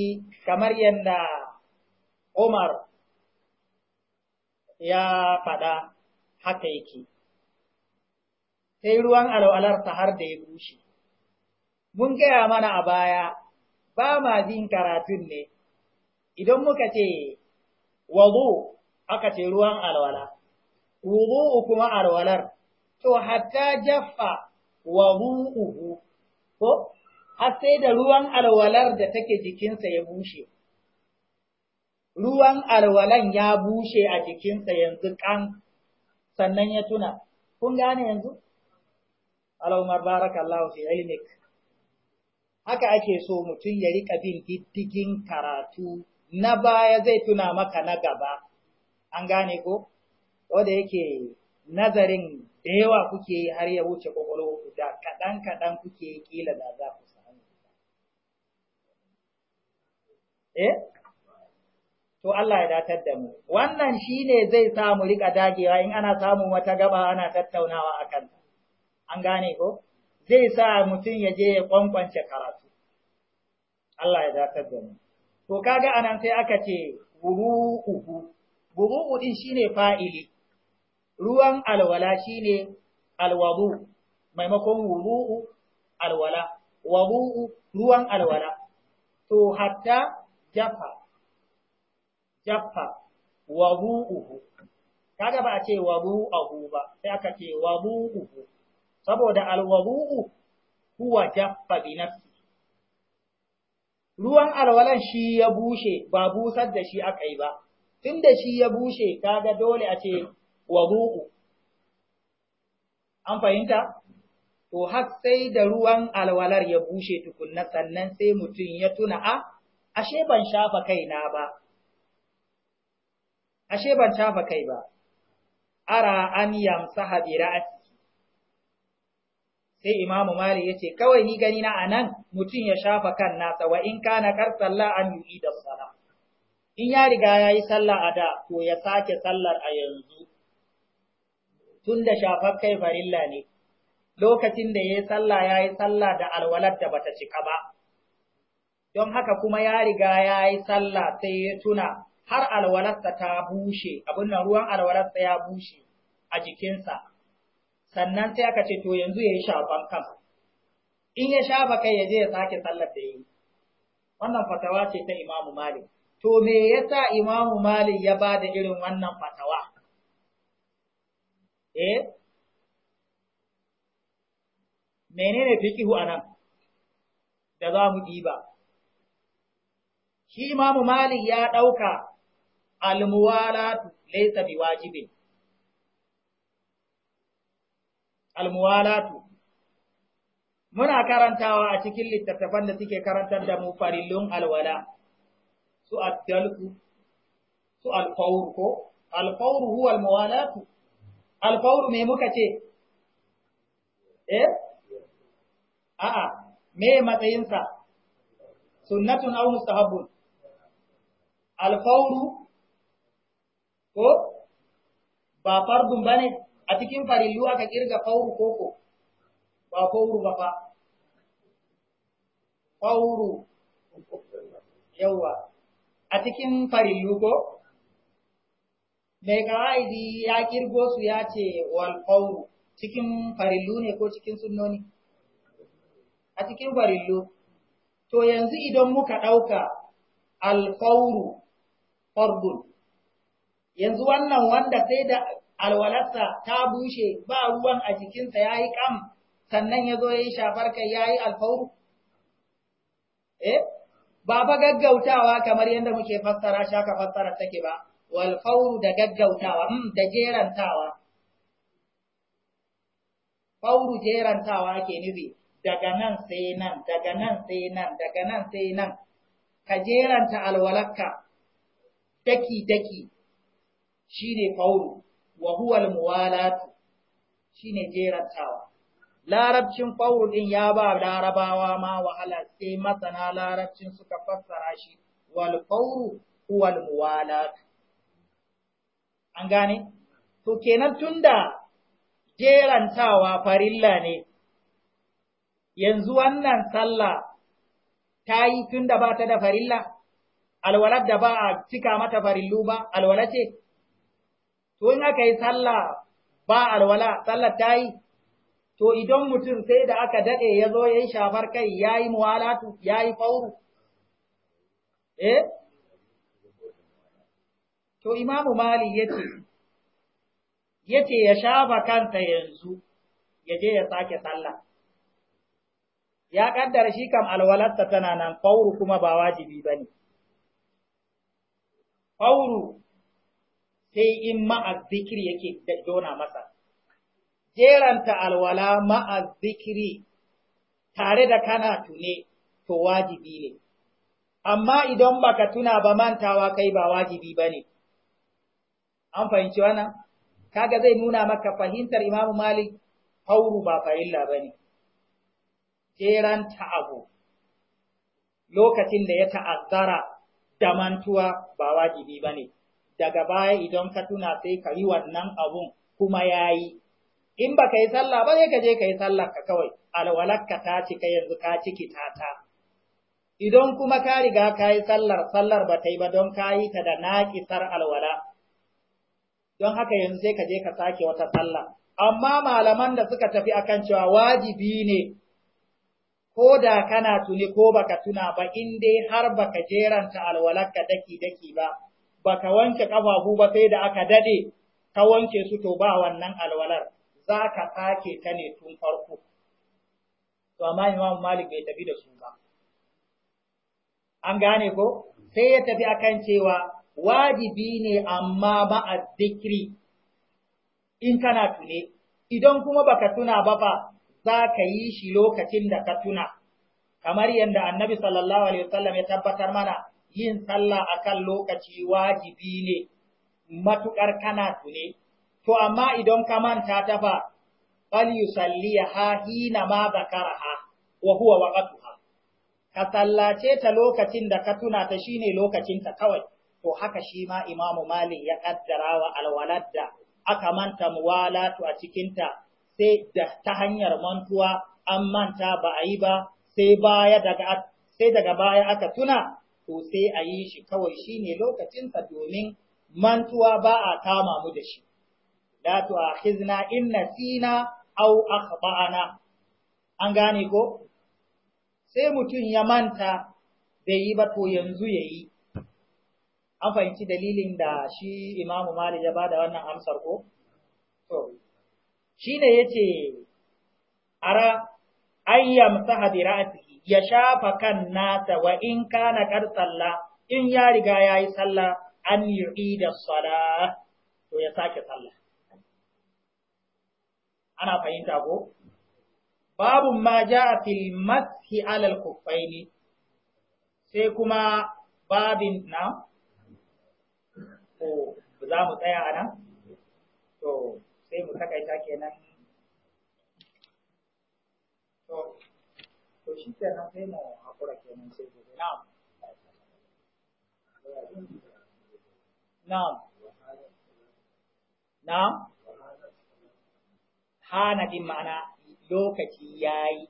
kamar yadda Umar ya faɗa haka yake, sai ruwan alwalarsa har da ya bushe. Mun gaya mana a baya, ba ma jin karatun ne, idan muka ce wazo aka ce ruwan alwala, wudu'u kuma alwalar, to hatta jaffa wa ru'uhu, ko, har sai da ruwan arwalar da take jikinsa ya bushe. Ruwan alwalan ya bushe a jikinsa yanzu kan sannan ya tuna, kun gane yanzu? Baraka, barakallahu fi ilmik. Haka ake so mutum ya rika bin diddigin karatu na baya zai tuna maka na gaba, an gane ko? wadda yake nazarin da yawa kuke yi har ya wuce kwakwalwa da kaɗan-kaɗan kuke yi kila da za ku samu. Eh? To Allah ya datar da mu. Wannan shi ne zai sa mu riƙa dagewa in ana samun wata gaba ana tattaunawa a kanta. An gane ko? Zai sa mutum ya je ya kwankwance karatu. Allah ya datar da mu. To kaga anan sai aka ce buru'uhu. Buru'u din shine fa'ili. ruwan alwala shi shine alwabu, maimakon wubu’u alwala wabu’u ruwan alwala to hatta jafa jafa wabu’u, Kada ba a ce wudu'u ba sai aka ce wabu’u, saboda alwabu’u huwa jaffa bi ruwan alwalan shi ya bushe ba busar da shi aka yi ba tunda shi ya bushe kaga dole a ce wa zuku an fahimta to har sai da ruwan alwalar ya bushe tukunna sannan sai mutum ya tuna a ah, ashe ban shafa kaina ba ashe ban shafa kai ba ara an yamsaha bi sai imamu malik yace kawai ni gani na anan mutum ya shafa kan nasa wa in kana kar sallah an yi da sala in ya riga yayi sallah a da to ya sake sallar a yanzu tun da shafar kai farilla ne, lokacin da ya yi sallah ya yi sallah da alwalar da bata cika ba. Don haka kuma ya riga ya yi sallah sai ya tuna har alwalarsa ta bushe, abin nan ruwan alwalarsa ya bushe a jikinsa. Sannan sai aka ce to yanzu ya yi shafan kan. In ya shafa kai ya je ya sake sallar da yi. Wannan fatawa ce ta Imamu Malik. To me yasa Imamu Malik ya ba da irin wannan fatawa? eh menene fikihu anan da za mu diba shi imamu malik ya ɗauka almuwalatu laysa biwajibin almuwalatu muna karantawa a cikin littattafan da suke karantar da mu farillun alwala su addalku su alfawru ko alfawru huwa almuwalatu alfawru me muka ce eh a'a me matsayinsa sunnatun aw mustahabbun alfawru ko ba fardun bane a cikin farillu aka kirga fawru koko ba fawru ba fa fawru yawa a cikin farillu ko mai kawa'idi ya kirgo su ya ce wal cikin farillu ne ko cikin sunnoni a cikin farillu to yanzu idan muka ɗauka al qawru yanzu wannan wanda sai da alwalarsa ta bushe ba ruwan a jikinsa ya yi kam sannan ya zo ya yi shafar kai ya yi alfauru? Eh, ba fa gaggautawa kamar yadda muke fassara shaka fassara take ba, wal da gaggautawa mm, da jerantawa Fauru jerantawa ke nufi daga nan sai nan, daga nan sai nan, daga nan sai nan, ka jeranta alwalakka daki-daki shi ne fauru, wa huwa muwalatu shi ne jerantawa. Larabcin fauru ɗin ya ba larabawa ma wahala sai masana larabcin suka fassara shi, wal fauru huwa muwalatu. an gane to kenan tunda jerantawa farilla ne yanzu wannan sallah ta yi tunda ba ta da farilla alwalar da ba a cika mata farillu ba alwala ce to in aka yi sallah ba alwala sallar ta yi to idan mutum sai da aka daɗe ya zo ya yi shafar kai ya yi muwalatu ya yi fauru eh To Imamu mali yace yace ya shafa kanta yanzu yaje ya sake sallah. Ya kaddara shi kam alwalarsa tana nan fauru kuma ba wajibi ba ne. Fauru sai in ma'azzikiri yake jona masa. Jeranta alwala ma'azikiri tare da kana tune to wajibi ne. Amma idan baka tuna ba mantawa kai ba wajibi ba ne. an fahimci wannan kaga zai nuna maka fahimtar Imam Malik fauru ba ba bane jeranta ta'abu. lokacin da ya ta'azzara da mantuwa ba wajibi bane daga baya idan ka tuna sai ka yi wannan abun kuma yayi in baka yi sallah ba sai ka je ka yi sallar ka kawai alwalakka ta cika yanzu ka ciki tata idan kuma ka riga ka yi sallar sallar ba ta yi ba don ka yi ta da naƙisar alwala don haka yanzu sai ka je ka sake wata sallah amma malaman da suka tafi akan cewa wajibi ne ko da kana tuni ko baka tuna ba in dai har baka jeranta alwalarka daki daki ba baka wanke kafafu ba sai da aka dade ka wanke su to ba wannan alwalar za ka sake ta ne tun farko to amma Imam Malik bai tafi da su ba an gane ko sai ya tafi akan cewa wajibi ne amma ba a zikri in kana tune, idan kuma baka tuna ba ba za ka yi shi lokacin da ka tuna, kamar yadda annabi sallallahu Alaihi wasallam ya tabbatar mana yin sallah akan lokaci wajibi ne matuƙar kana tune, to amma idan ka manta ta ba, falyusalliha hina ma ha, wa huwa waqtuha ka sallace ta lokacin da ka tuna ta shine lokacin ta kawai to haka shi ma imamu Malik ya kaddara wa alwalad da aka manta muwalatu a cikinta sai da ta hanyar mantuwa an manta ba a yi ba sai baya daga sai daga baya aka tuna to sai a yi shi kawai shi shine lokacinsa domin mantuwa ba a kama mu da shi la akhizna in nasina aw akhtana an gane ko sai mutum ya manta bai yi ba to yanzu yayi an fahimci dalilin da shi imamu malik ya bada wannan amsar ko to shine yace ara ayyam a ra'sihi ya shafa kan nasa wa in kana kar salla in ya riga yayi salla an yi da sala to ya sake salla ana fahimta ko babu ma ja'a fil mashi alal ne. sai kuma babin na ko za mu tsaya a nan to sai mu takaita kenan to to shi kenan sai mu kenan sai na'am na'am na'am hana din ma'ana lokaci yayi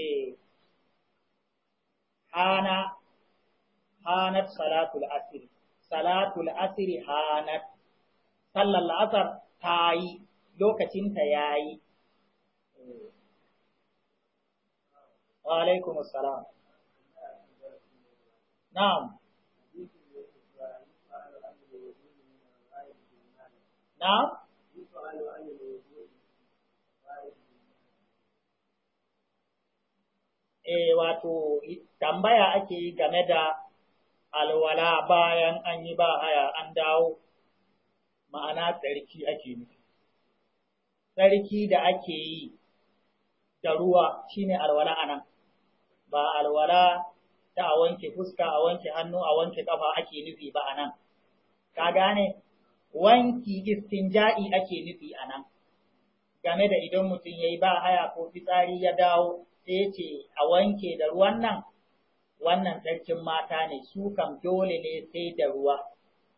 eh hana hanat salatul asr salatul asiri hanat, sallar la'asar ta yi, lokacinta ya yi. Wa'alaikun salam. Na'am. Na'am? E, wato, tambaya ake game da alwala bayan an yi ba haya an dawo ma'ana tsarki ake nufi tsarki da ake yi da ruwa shine alwala anan ba alwala ta a wanke fuska a wanke hannu a wanke kafa ake nufi ba anan ka gane wanki istinja'i ake nufi anan game da idan mutum yayi ba haya ko fitsari ya dawo sai ce a wanke da ruwan nan wannan tsarkin mata ne su kam dole ne sai da ruwa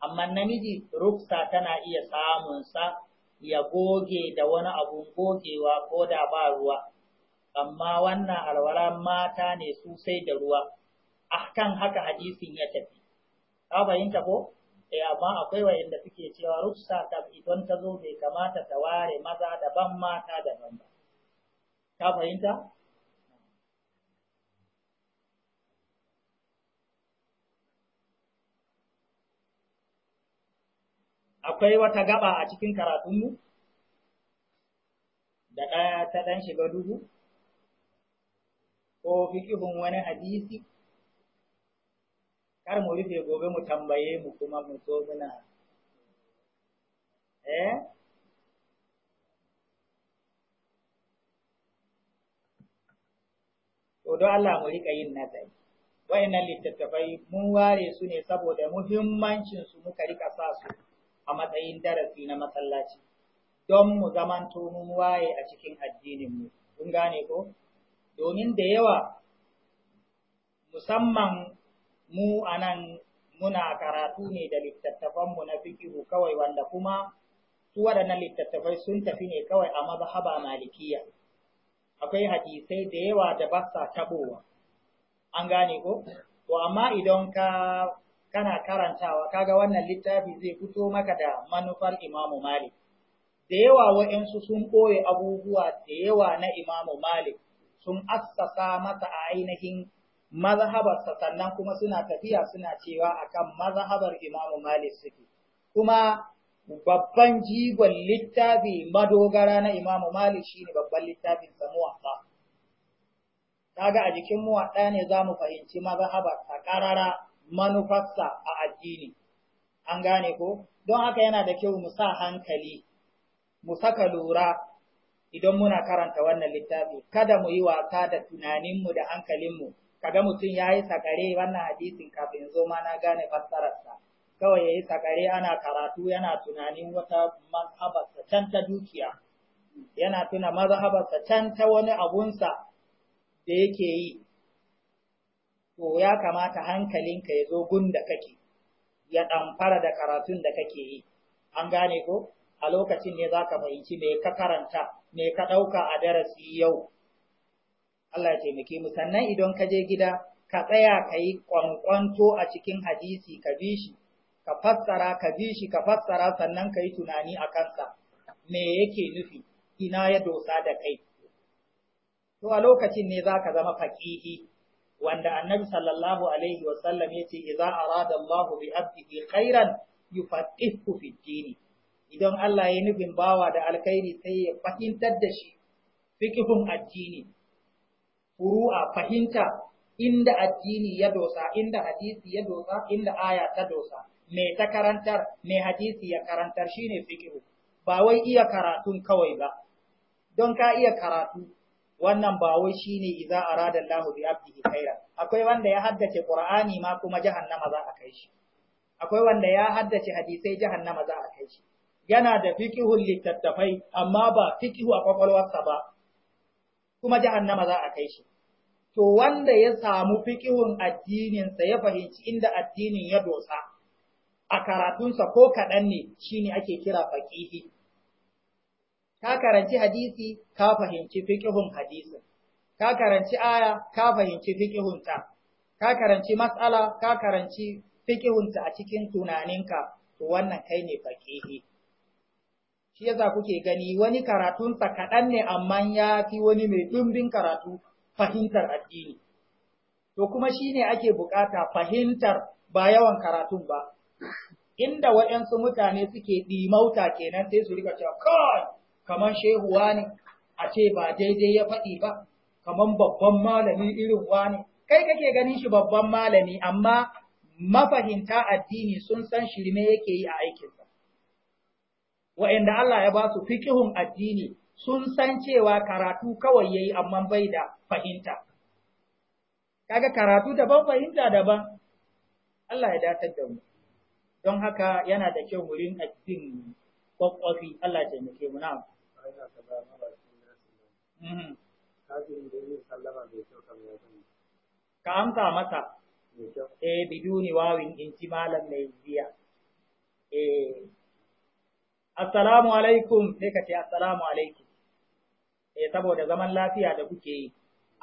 amma namiji ruksa tana iya samun sa ya goge da wani abun gogewa ko da ba ruwa amma wannan alwala mata ne su sai da ruwa kan haka hadisin ya tafi ka fahimta ko eh amma akwai wa'inda suke cewa ruksa ta idan ta zo bai kamata ta ware maza daban mata daban ba ka fahimta akwai wata gaba a cikin karatunmu da ɗaya ta ɗan shiga duhu ko fikihun wani hadisi kar mu rufe gobe mu tambaye mu kuma mu so muna eh to don Allah mu rika yin nazari nan littattafai mun ware su ne saboda muhimmancin su muka rika sa su a matsayin darasi na masallaci don mu zamanto mun waye a cikin addininmu kun gane ko domin da yawa musamman mu anan muna karatu ne da littattafanmu na fikihu kawai wanda kuma su waɗannan littattafai sun tafi ne kawai a mazhaba malikiya akwai hadisai da yawa da ba sa tabowa an gane ko to amma idan ka kana karantawa kaga wannan littafi zai fito maka da manufar Imamu Malik da yawa wa'ansu sun ɓoye abubuwa da yawa na Imamu Malik sun assasa masa a ainihin mazhabarsa sannan kuma suna tafiya suna cewa akan mazhabar Imamu Malik suke kuma babban jigon littafi madogara na Imamu Malik shine babban littafin sa Muwatta kaga a jikin Muwatta ne za mu fahimci mazhabarsa ta karara manufarsa a addini. An gane ko? Don haka yana da kyau mu sa hankali, mu saka lura idan muna karanta wannan littafi, kada mu yi wasa da tunaninmu da hankalinmu, kaga mutum ya yi sakare wannan hadisin kafin zo ma na gane fassararsa. Kawai ya yi sakare ana karatu yana tunanin wata mazhabarsa can ta dukiya, yana tuna mazhabarsa can ta wani abunsa da yake yi, to ya kamata hankalinka ya zo gun da kake, ya ɗamfara da karatun da kake yi, an gane ko? A lokacin ne za ka fahimci me ka karanta, me ka ɗauka a darasi yau. Allah ya taimake mu, sannan idan ka je gida, ka tsaya ka yi kwankwanto a cikin hadisi ka bi shi, ka fassara ka bi shi ka fassara sannan ka yi tunani a kansa, me yake nufi, ina ya dosa da kai. To a lokacin ne za ka zama faƙihi. wanda annabi sallallahu alaihi wa sallam yace idza arada Allah bi abdihi khairan yufaqihu fi dini idan Allah ya nufin bawa da alkhairi sai ya fahimtar da shi fikihun addini furu'a fahimta inda addini ya dosa inda hadisi ya dosa inda aya ta dosa me ta karantar me hadisi ya karantar shine fikihu ba wai iya karatun kawai ba don ka iya karatu wannan ba wai shine idza arada Allahu bi abdihi khaira akwai wanda ya haddace Qur'ani ma kuma jahannama za a kai shi akwai wanda ya haddace hadisai jahannama za a kai shi yana da fiqhu littattafai amma ba fiqhu a kwakwalwarsa ba kuma jahannama za a kai shi to wanda ya samu fiqhun addininsa ya fahimci inda addinin ya dosa a karatunsa ko kaɗan ne shine ake kira faqihi ka karanci hadisi ka fahimci fiqhun hadisi. ka karanci aya ka fahimci fiqhun ta ka karanci mas'ala ka karanci fiqhun ta a cikin tunaninka to wannan kai ne fakihi shi yasa kuke gani wani karatunsa kaɗan ne amma ya fi wani mai ɗumbin karatu fahimtar addini to kuma shine ake bukata fahimtar ba yawan karatun ba inda waɗansu mutane suke ɗimauta kenan sai su rika cewa kawai kamar shehu wani a ce ba daidai ya faɗi ba kamar babban malami irin ne. kai kake ganin shi babban malami amma mafahimta addini sun san shirme yake yi a aikinsa wa'inda Allah ya ba su fikihun addini sun san cewa karatu kawai ya yi amma bai da fahimta kaga karatu daban fahimta daban Allah ya datar da mu don haka yana da kyau wurin addini kwakwafi Allah ta muke mu na'am mm-hmm. ka amsa masa eh biduni wawin in ci malam mai biya e eh. assalamu alaikum sai ka ce assalamu alaikum eh saboda zaman lafiya da kuke yi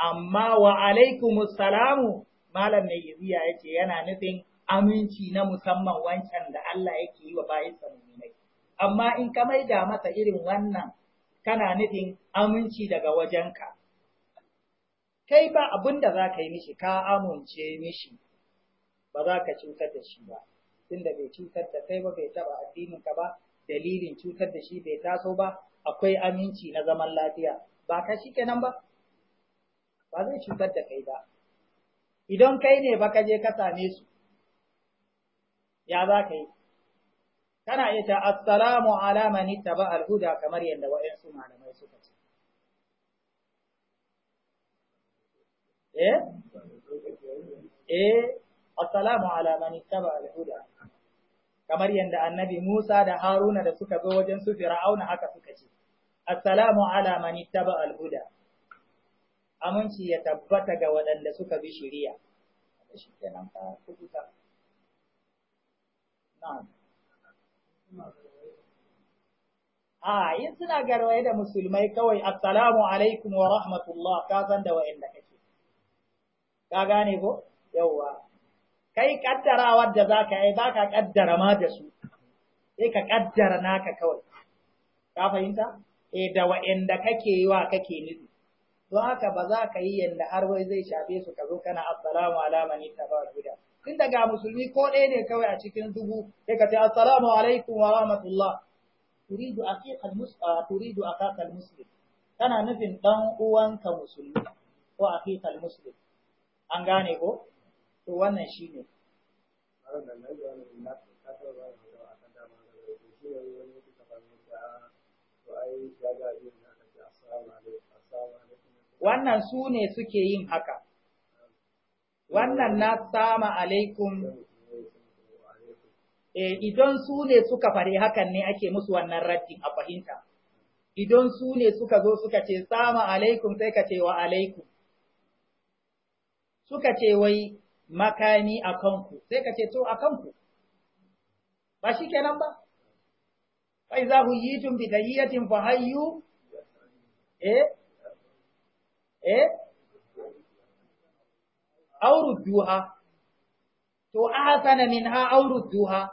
amma wa alaikumus salamu malam mai ya yace yana nufin aminci na musamman wancan da Allah yake yi wa bayinsa mu'minai amma in ka maida masa irin wannan kana nufin aminci daga wajenka kai ba abin da za ka yi mishi ka amince mishi ba za ka cutar da shi ba tunda bai cutar da kai ba bai taba addinin ka ba dalilin cutar da shi bai taso ba akwai aminci na zaman lafiya ba ka shi kenan ba ba zai cutar da kai ba idan kai ne ba ka je ka same su ya za ka yi kana iya ta assalamu ala mani taba alhuda kamar yadda wa'ansu malamai suka ce eh eh assalamu ala mani taba alhuda kamar yadda annabi Musa da Haruna da suka zo wajen su Fir'auna haka suka ce assalamu ala mani taba alhuda. aminci ya tabbata ga waɗanda suka bi shari'a shi kenan ka kubuta na'am A yin suna garwaye da musulmai kawai, Assalamu alaikum wa rahmatullah, ka san da wa'in da kake. Ka gane ko? Yawwa. Kai kaddara wadda za ka yi, ba ka kaddara ma da su, sai ka kaddara naka kawai. Ka fahimta? E da wa'in kake yi wa kake nufi. Don haka ba za ka yi yadda har wai zai shafe su ka zo kana Assalamu alamani ta ba guda. tun daga musulmi ko ɗaya ne kawai a cikin dubu sai ka ce assalamu alaikum wa rahmatullah turidu al muslim turidu al muslim kana nufin dan uwanka musulmi ko al muslim an gane ko to wannan shine wannan su ne suke yin haka wannan na sama alaikum Eh idan su ne suka fare hakan ne ake musu wannan raddin a fahimta idan su ne suka zo suka ce sama alaikum sai ka ce wa alaikum suka ce wai makami a kanku sai ka ce to a kanku ba shi kenan ba fai za ku yi tun bi tahiyatin fa hayyu eh eh auruduha duha to ahsana minha auru duha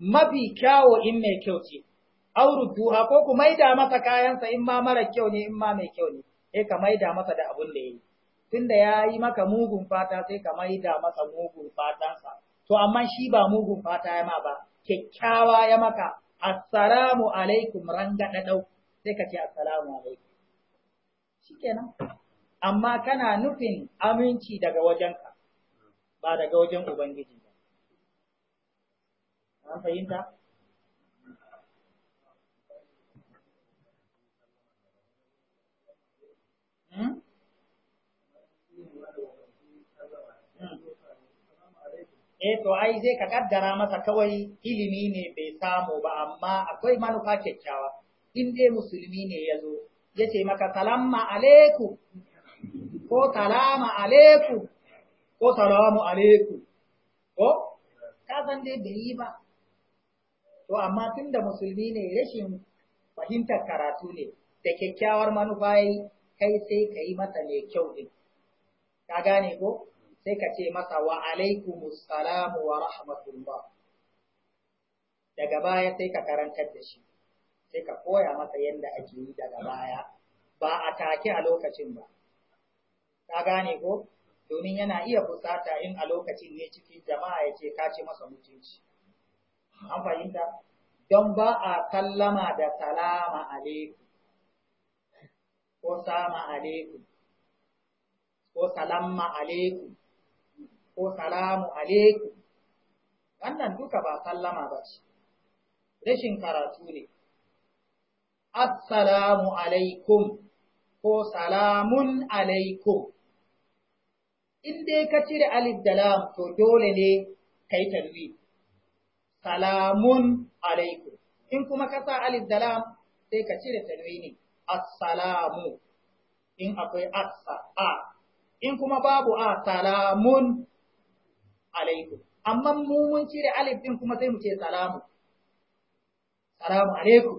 mafi kyawo in mai kyau ce auruduha duha ko ku maida masa kayansa in ma mara kyau ne in ma mai kyau ne sai ka maida masa da abun da yayi tunda yayi maka mugun fata sai ka maida masa mugun fatansa to amma shi ba mugun fata ya ma ba kyakkyawa ya maka assalamu alaikum ranga dau sai ka ce assalamu alaikum shikenan amma kana nufin aminci daga wajenka ba daga wajen ubangiji ba an fahimta hmm? Hmm. eh to ai zai ka kaddara masa kawai ilimi ne bai samu ba amma akwai manufa kyakkyawa in dai musulmi ne ya zo ya ce maka salamma alaikum ko salama alaikum ko salamu alaikum ko ka san dai bai yi ba to amma tun da musulmi ne rashin fahimtar karatu ne da kyakkyawar manufa yi kai sai ka yi masa mai kyau din ka gane ko sai ka ce masa wa alaikumus salamu wa rahmatullah daga baya sai ka karantar da shi sai ka koya masa yadda ake yi daga baya ba a take a lokacin ba ka gane ko domin yana iya fusata in a lokacin ne cikin jama'a ya ce ka ce masa mutunci an fahimta don ba a sallama da salama alaikum ko salama alaikum ko salamma alaikum ko salamu alaikum wannan duka ba sallama ba ce rashin karatu ne assalamu alaikum ko salamun alaikum in dai ka cire alif da lam to dole ne kai tarwi salamun alaikum in kuma ka sa alif da lam sai ka cire ne assalamu in akwai asa a in kuma babu a salamun alaikum amma mu mun cire alif din kuma sai mu ce salamu salamu alaikum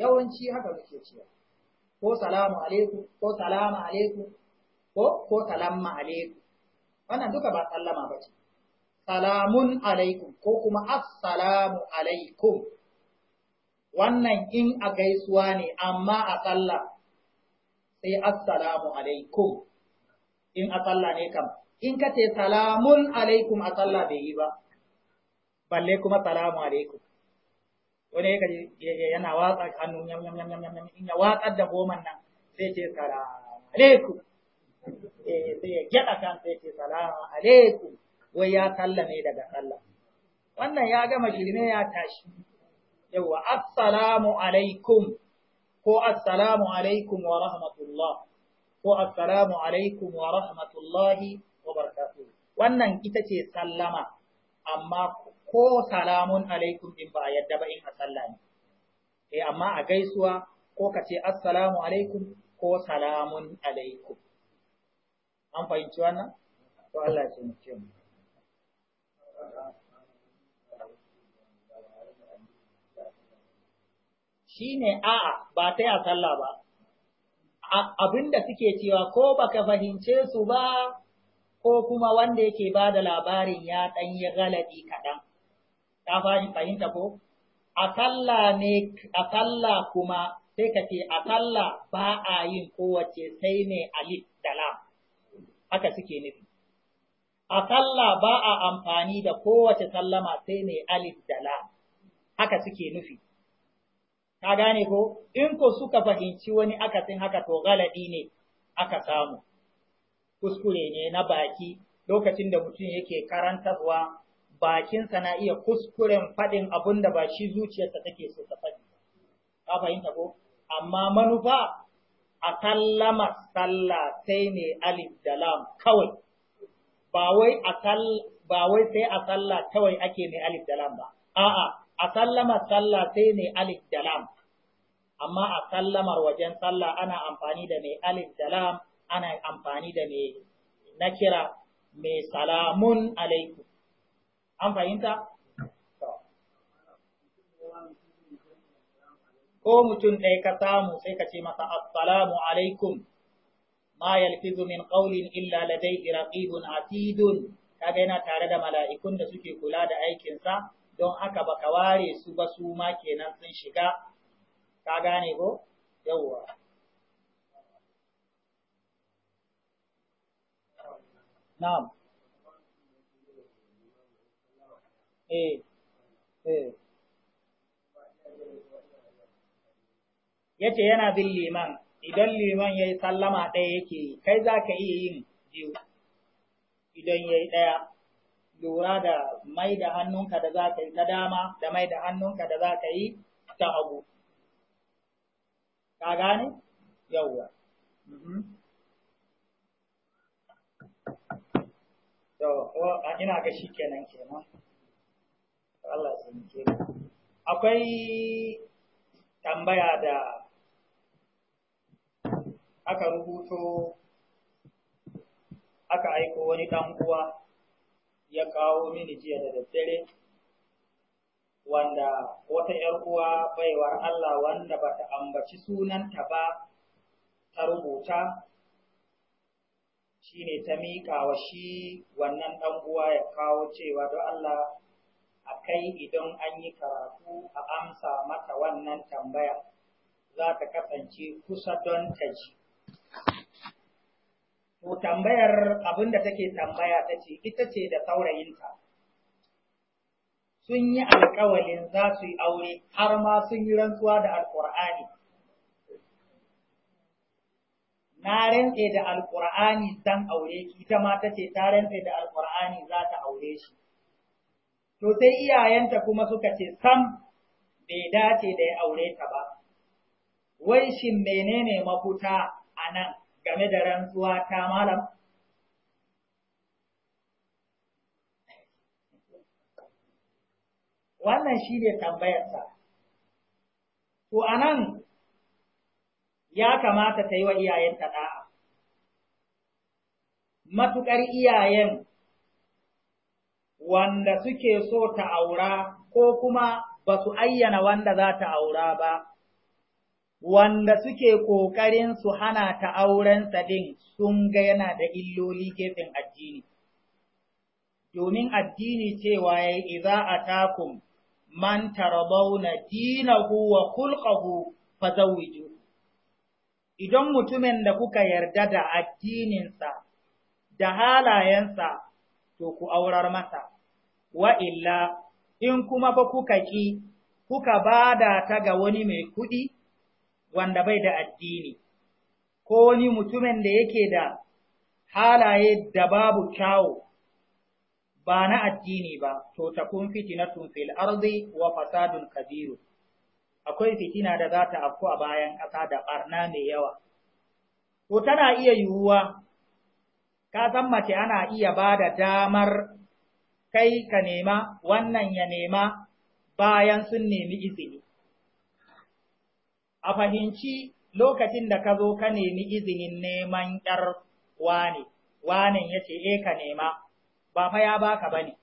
yawanci haka muke cewa ko salamu alaikum ko salamu alaikum ko ko salamma alaikum wannan duka ba sallama ba ce salamun alaikum ko kuma assalamu alaikum wannan in a gaisuwa ne amma a sallah sai assalamu alaikum in a sallah ne kam in ka ce salamun alaikum a sallah bai yi ba balle kuma salamu alaikum wani yana watsa hannu yam yam yam yam yam in ya watsar da goman nan sai ce salamu alaikum eh sai ya gyada kan sai ce salamu alaikum wai ya sallame daga Allah. wannan ya gama shirme ya tashi yawa assalamu alaikum ko assalamu alaikum wa rahmatullah ko assalamu alaikum wa rahmatullahi wa barakatuh wannan ita ce sallama amma ko salamun alaikum din ba yadda ba in a sallame. ne eh amma a gaisuwa ko ka ce assalamu alaikum ko salamun alaikum an fahimci wannan to Allah ya mu ce mu shine a'a ba ta ya sallah ba abinda suke cewa ko baka fahimce su ba ko kuma wanda yake ba da labarin ya dan yi galadi kaɗan ta fahimta ko a talla ne a sallah kuma sai ka ce a talla ba a yin kowace sai ne alif da lam haka suke nufi a sallah ba a amfani da kowace sallama sai mai alif da la. haka suke nufi ka gane ko in ko suka fahimci wani akasin haka to galadi ne aka samu kuskure ne na baki lokacin da mutum yake karantarwa bakinsa na iya kuskuren faɗin abun da ba shi zuciyarsa take so ta faɗi ka fahimta ko amma manufa a sallama sallah sai ne alif da lam kawai ba wai a ba wai sai a sallah kawai ake ne alif da lam ba a'a a sallama sallah sai ne alif da lam amma a sallamar wajen sallah ana amfani da mai alif da lam ana amfani da mai na kira, mai salamun alaikum an fahimta ko mutum ɗaya ka samu sai ka ce masa assalamu alaikum ma yalfizu min qawlin illa ladayhi raqibun atidun kaga yana tare da mala'ikun da suke kula da aikin sa don haka baka ware su ba su ma kenan sun shiga ka gane ko yawwa na'am eh eh yace yana bin liman idan liman yayi sallama ɗaya yake yi kai ka iya yin biyu idan yayi ɗaya lura da mai da hannunka da za ka yi ta dama da mai da hannunka da za ka yi ta hagu. Ka gane? Yawwa. Mhm. Ina ga shi kenan kenan. Allah sun ke. Akwai tambaya da aka rubuto aka aiko wani ɗan uwa ya kawo mini jiya da daddare wanda wata ‘yar uwa baiwar Allah wanda ba ta ambaci sunanta ba ta rubuta shi ne ta miƙa wa shi wannan ɗan uwa ya kawo cewa don Allah a kai idan an yi karatu a amsa mata wannan tambaya za ta kasance kusa don ta ji. To tambayar abin da take tambaya ta ce, ita ce da saurayinta. Sun yi alƙawalin za su yi aure, har ma sun yi rantsuwa da Alƙur'ani. Na rantse da Alƙur'ani zan aure ki, ita ma ta ce ta rantse da Alƙur'ani za ta aure shi. To sai iyayenta kuma suka ce, Sam bai dace da ya aure ta ba, wai shin menene mafuta a nan? game da rantsuwa ta malam? Wannan shi ne tambayarsa. To, a nan ya kamata ta yi wa iyayenta ɗa'a. Matuƙar iyayen wanda suke so ta aura ko kuma ba su ayyana wanda za ta aura ba, wanda suke ƙoƙarin su hana ta aurensa ɗin sun ga yana da illoli gefen addini. Domin addini cewa ya iza a takun man tarabauna dinahu wa kulkahu fazawiju. Idan mutumin da kuka yarda da addininsa da halayensa to ku aurar masa, wa illa in kuma ba kuka ƙi, kuka bada ta ga wani mai kuɗi wanda bai da addini, ko wani mutumin da yake da halaye da babu kyawu ba na addini ba, to ta kun tun fil arzi wa fasadun kabiru. Akwai fitina da za ta afku a bayan ƙasa da ɓarna mai yawa. To tana iya yiwuwa, ka san mace ana iya ba da damar kai ka nema, wannan ya nema bayan sun nemi izini. a fahimci lokacin da ka zo ka nemi izinin neman ƴar wane, wanen ya ce, e ka nema, ba fa ya baka ba ne.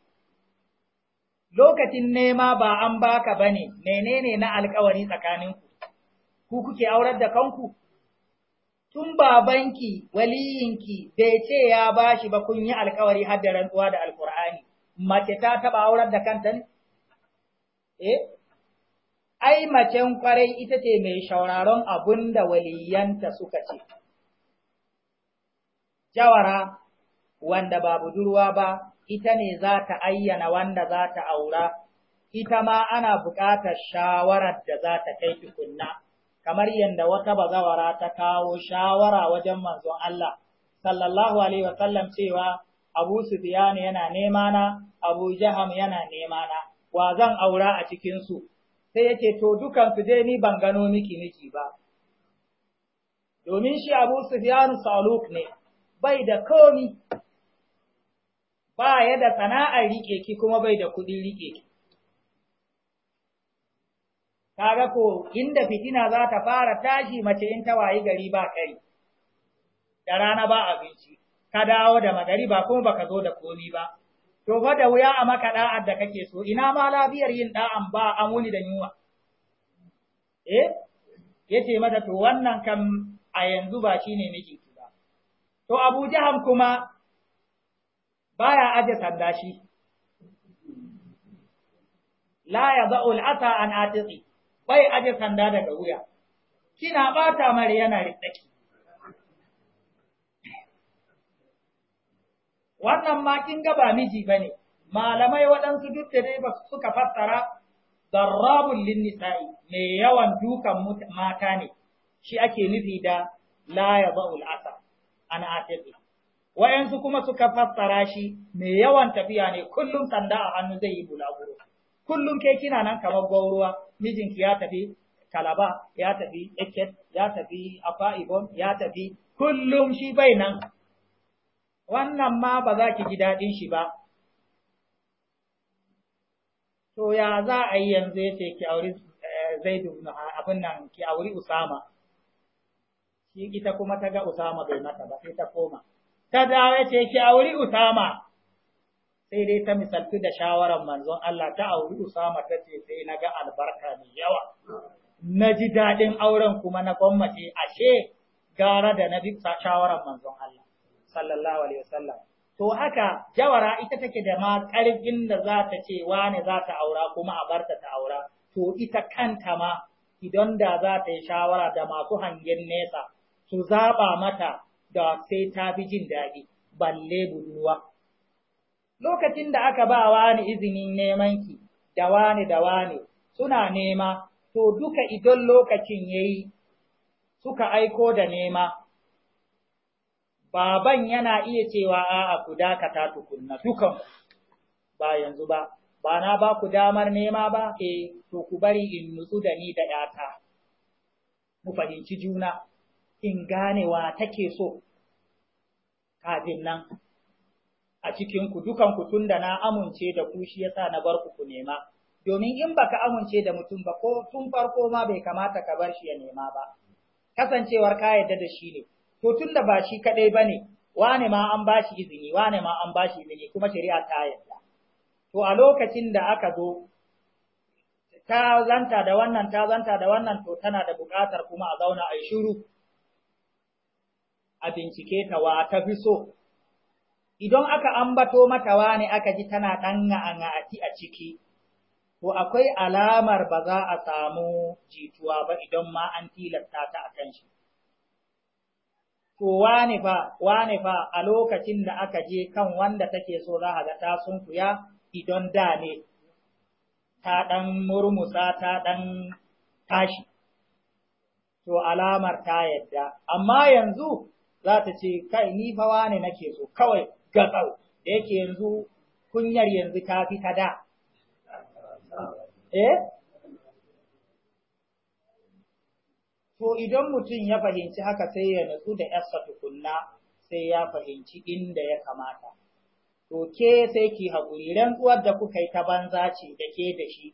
Lokacin nema ba an baka ba ne, menene na alkawari tsakaninku, ku kuke aurar da kanku? tun babanki waliyinki bai ce ya bashi ba kun yi alkawari har da da alkur'ani mace ta taɓa aurar da kanta ne eh ai macen kwarai ita ce mai shauraron abun da waliyanta suka ce. Jawara wanda ba budurwa ba, ita ne za ta ayyana wanda za ta aura, ita ma ana buƙatar shawarar da za ta kai tukunna, kamar yadda wata bazawara ta kawo shawara wajen manzon Allah, sallallahu Alaihi wasallam cewa Abu Sufyan yana nemana na, Abu Jaham yana nemana wa zan aura a cikinsu. sai ya to dukansu dai ni ban gano miki miki ba domin shi abu sufyan saluk ne bai da komi ba ya da sana'ar rike ki kuma bai da kuɗi rike ki kaga ko inda fitina za ta fara tashi mace in ta wayi gari ba kai da rana ba abinci ka dawo da magari ba kuma ba ka zo da komi ba to fa da wuya a maka da'ar da kake so ina ma lafiyar yin da'an ba a muni da yunwa eh yace mata to wannan kam a yanzu ba shine miki ba to Abu Jaham kuma baya aje sanda shi la ya al-ata an atiqi bai aje sanda daga wuya kina bata mare yana riddaki wannan ma kin ga ba miji bane malamai waɗansu duk da dai ba suka fassara darrabul linnisa'i mai yawan dukan mata ne shi ake nufi da la yadhul asar ana atiqi wayansu kuma suka fassara shi mai yawan tafiya ne kullum sanda a hannu zai yi bulaguro kullum ke kina nan kamar gwauruwa mijinki ya tafi kalaba ya tafi eket ya tafi afa ibon ya tafi kullum shi bai nan wannan ma ba za ki ji daɗin shi ba. To ya za a yi yanzu ya ce ki auri eh, Zaidu ah, abin nan ki auri Usama. Shi ita kuma ta ga Usama bai mata ba sai ta koma. Ta dawo ya ce ki auri Usama. Sai dai ta misaltu da shawarar manzon Allah ta auri Usama ta ce sai na ga albarka mai yawa. na ji daɗin auren kuma na gwammace ashe gara da na bi shawarar manzon Allah. sallallahu alaihi wasallam to haka jawara ita take da ma ƙarfin da za ta ce wane za ta aura kuma a barta ta aura to ita kanta ma idan da za ta yi shawara da masu hangen nesa su zaɓa mata da sai ta bi jin daɗi balle budurwa lokacin da aka ba wani izinin neman ki da wani da wani suna nema to duka idan lokacin yayi suka aiko da nema baban yana iya cewa a'a ku dakata tukunna dukan ba yanzu ba ba na ba ku damar nema ba eh to ku bari in nutsu da ni da yata mu fahimci juna in gane ganewa take so kafin nan a cikin ku dukan ku tunda na amince da ku shi yasa na bar ku ku nema domin in baka amince da mutum ba ko tun farko ma bai kamata ka bar shi ya nema ba kasancewar ka yadda da shi ne to tun da ba shi kaɗai ba ne, wane ma an ba shi izini, wane ma an ba shi izini kuma shari'a ta yadda? To a lokacin da aka zo, ta zanta da wannan, ta zanta da wannan, to tana da buƙatar kuma a zauna a yi shiru, a bincike ta wa ta fi so. Idan aka ambato mata wane aka ji tana ɗan nga'ati a ciki, to akwai alamar ba za a samu jituwa ba idan ma an tilasta ta a kan shi. ko wane fa wane fa a lokacin da aka je kan wanda take so za a ga ta kuya idan da ne ta ɗan murmusa ta ɗan tashi to alamar ta yadda amma yanzu za ta ce kai ni fa wane nake so kawai gatsau da yake yanzu kunyar yanzu ta fi ta da eh To idan mutum ya fahimci haka sai ya nutsu da ‘yarsa tukunna sai ya fahimci inda ya kamata. To ke sai ki haƙuri rantsuwar da kuka yi ta banza ce da ke da shi,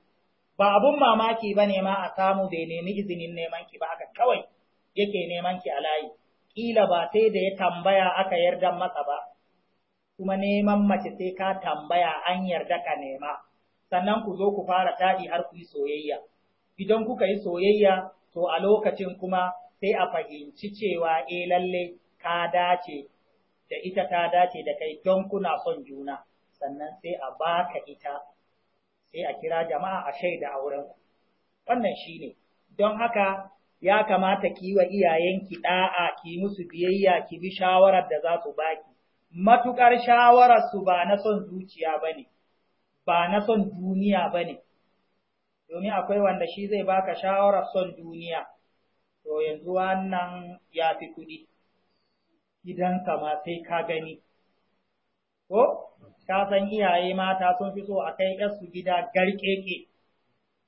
ba abun mamaki ba ne ma a samu bai nemi izinin neman ki ba haka kawai yake neman ki a layi, ƙila ba sai da ya tambaya aka yarda masa ba, kuma neman mace sai ka tambaya an yarda ka nema, sannan ku zo ku fara taɗi har ku yi soyayya. Idan kuka yi soyayya to a lokacin kuma sai a fahimci cewa eh lalle ka dace da ita ta dace da kai don kuna son juna sannan sai a baka ita sai a kira jama'a a shaida auren wannan shine don haka ya kamata ki wa iyayenki da'a ki musu biyayya ki bi shawarar da za su baki matukar shawarar su ba na son zuciya bane ba na son duniya bane domin akwai wanda shi zai baka shawarar son duniya to yanzu wannan ya fi kuɗi gidanka ma sai ka gani ko ka san iyaye mata sun fi so a kai su gida garkeke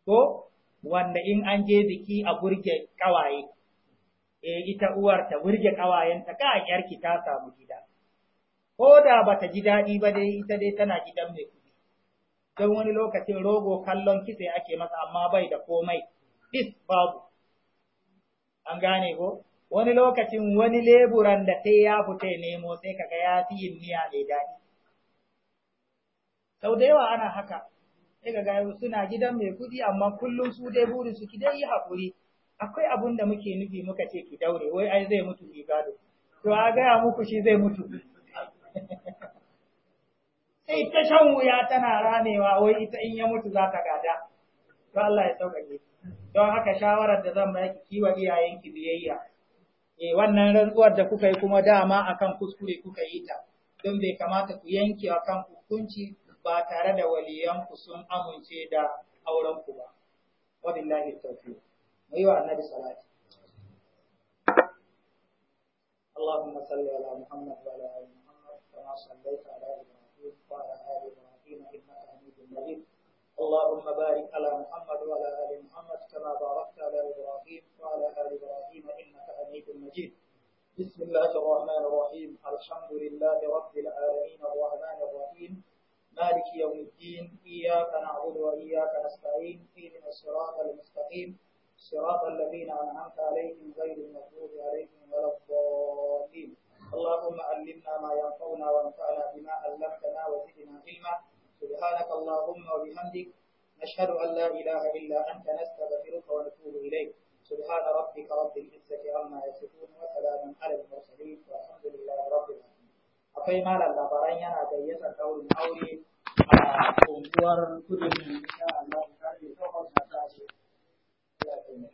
ko wanda in an je biki a burge kawaye e eh, ita uwar ta burge ta ka yarki ta samu gida ko da bata ji daɗi ba dai ita dai tana gidan mai don wani lokacin rogo kallon kitse ake masa amma bai da komai is babu an gane ko wani lokacin wani leburan da sai ya fita nemo sai kaga ya fi yin miya mai daɗi sau da yawa ana haka sai kaga suna gidan mai kuɗi amma kullum su dai burin su ki dai yi haƙuri akwai abun da muke nufi muka ce ki daure wai ai zai mutu ki gado to a gaya muku shi zai mutu sai ta shan wuya tana ramewa wai ita in ya mutu za ta gada to Allah ya sauƙaƙe don haka shawarar da zan baki kiwa iyayenki biyayya eh wannan rantsuwar da kuka yi kuma dama akan kuskure kuka yi ta don bai kamata ku yanke kan hukunci ba tare da ku sun amince da aurenku ba wabillahi tawfiq mai wa annabi salati اللهم صل على محمد وعلى ال محمد كما صليت على ابراهيم قال آل إبراهيم إنك حميد مجيد اللهم بارك على محمد وعلى آل محمد كما باركت على إبراهيم وعلى آل إبراهيم إنك حميد مجيد بسم الله الرحمن الرحيم الحمد لله رب العالمين الرحمن الرحيم مالك يوم الدين إياك نعبد وإياك نستعين اهدنا الصراط المستقيم صراط الذين أنعمت عليهم غير المغضوب عليهم ولا الضالين اللهم علمنا ما ينفعنا وانفعنا بما علمتنا وزدنا علما سبحانك اللهم وبحمدك نشهد أن لا إله إلا أنت نستغفرك ونتوب إليك سبحان ربك رب العزة عما يصفون وسلام على المرسلين والحمد لله رب العالمين akwai malam labaran yana gayyatar daurin aure a unguwar kudin insha Allah karfe 8 na safe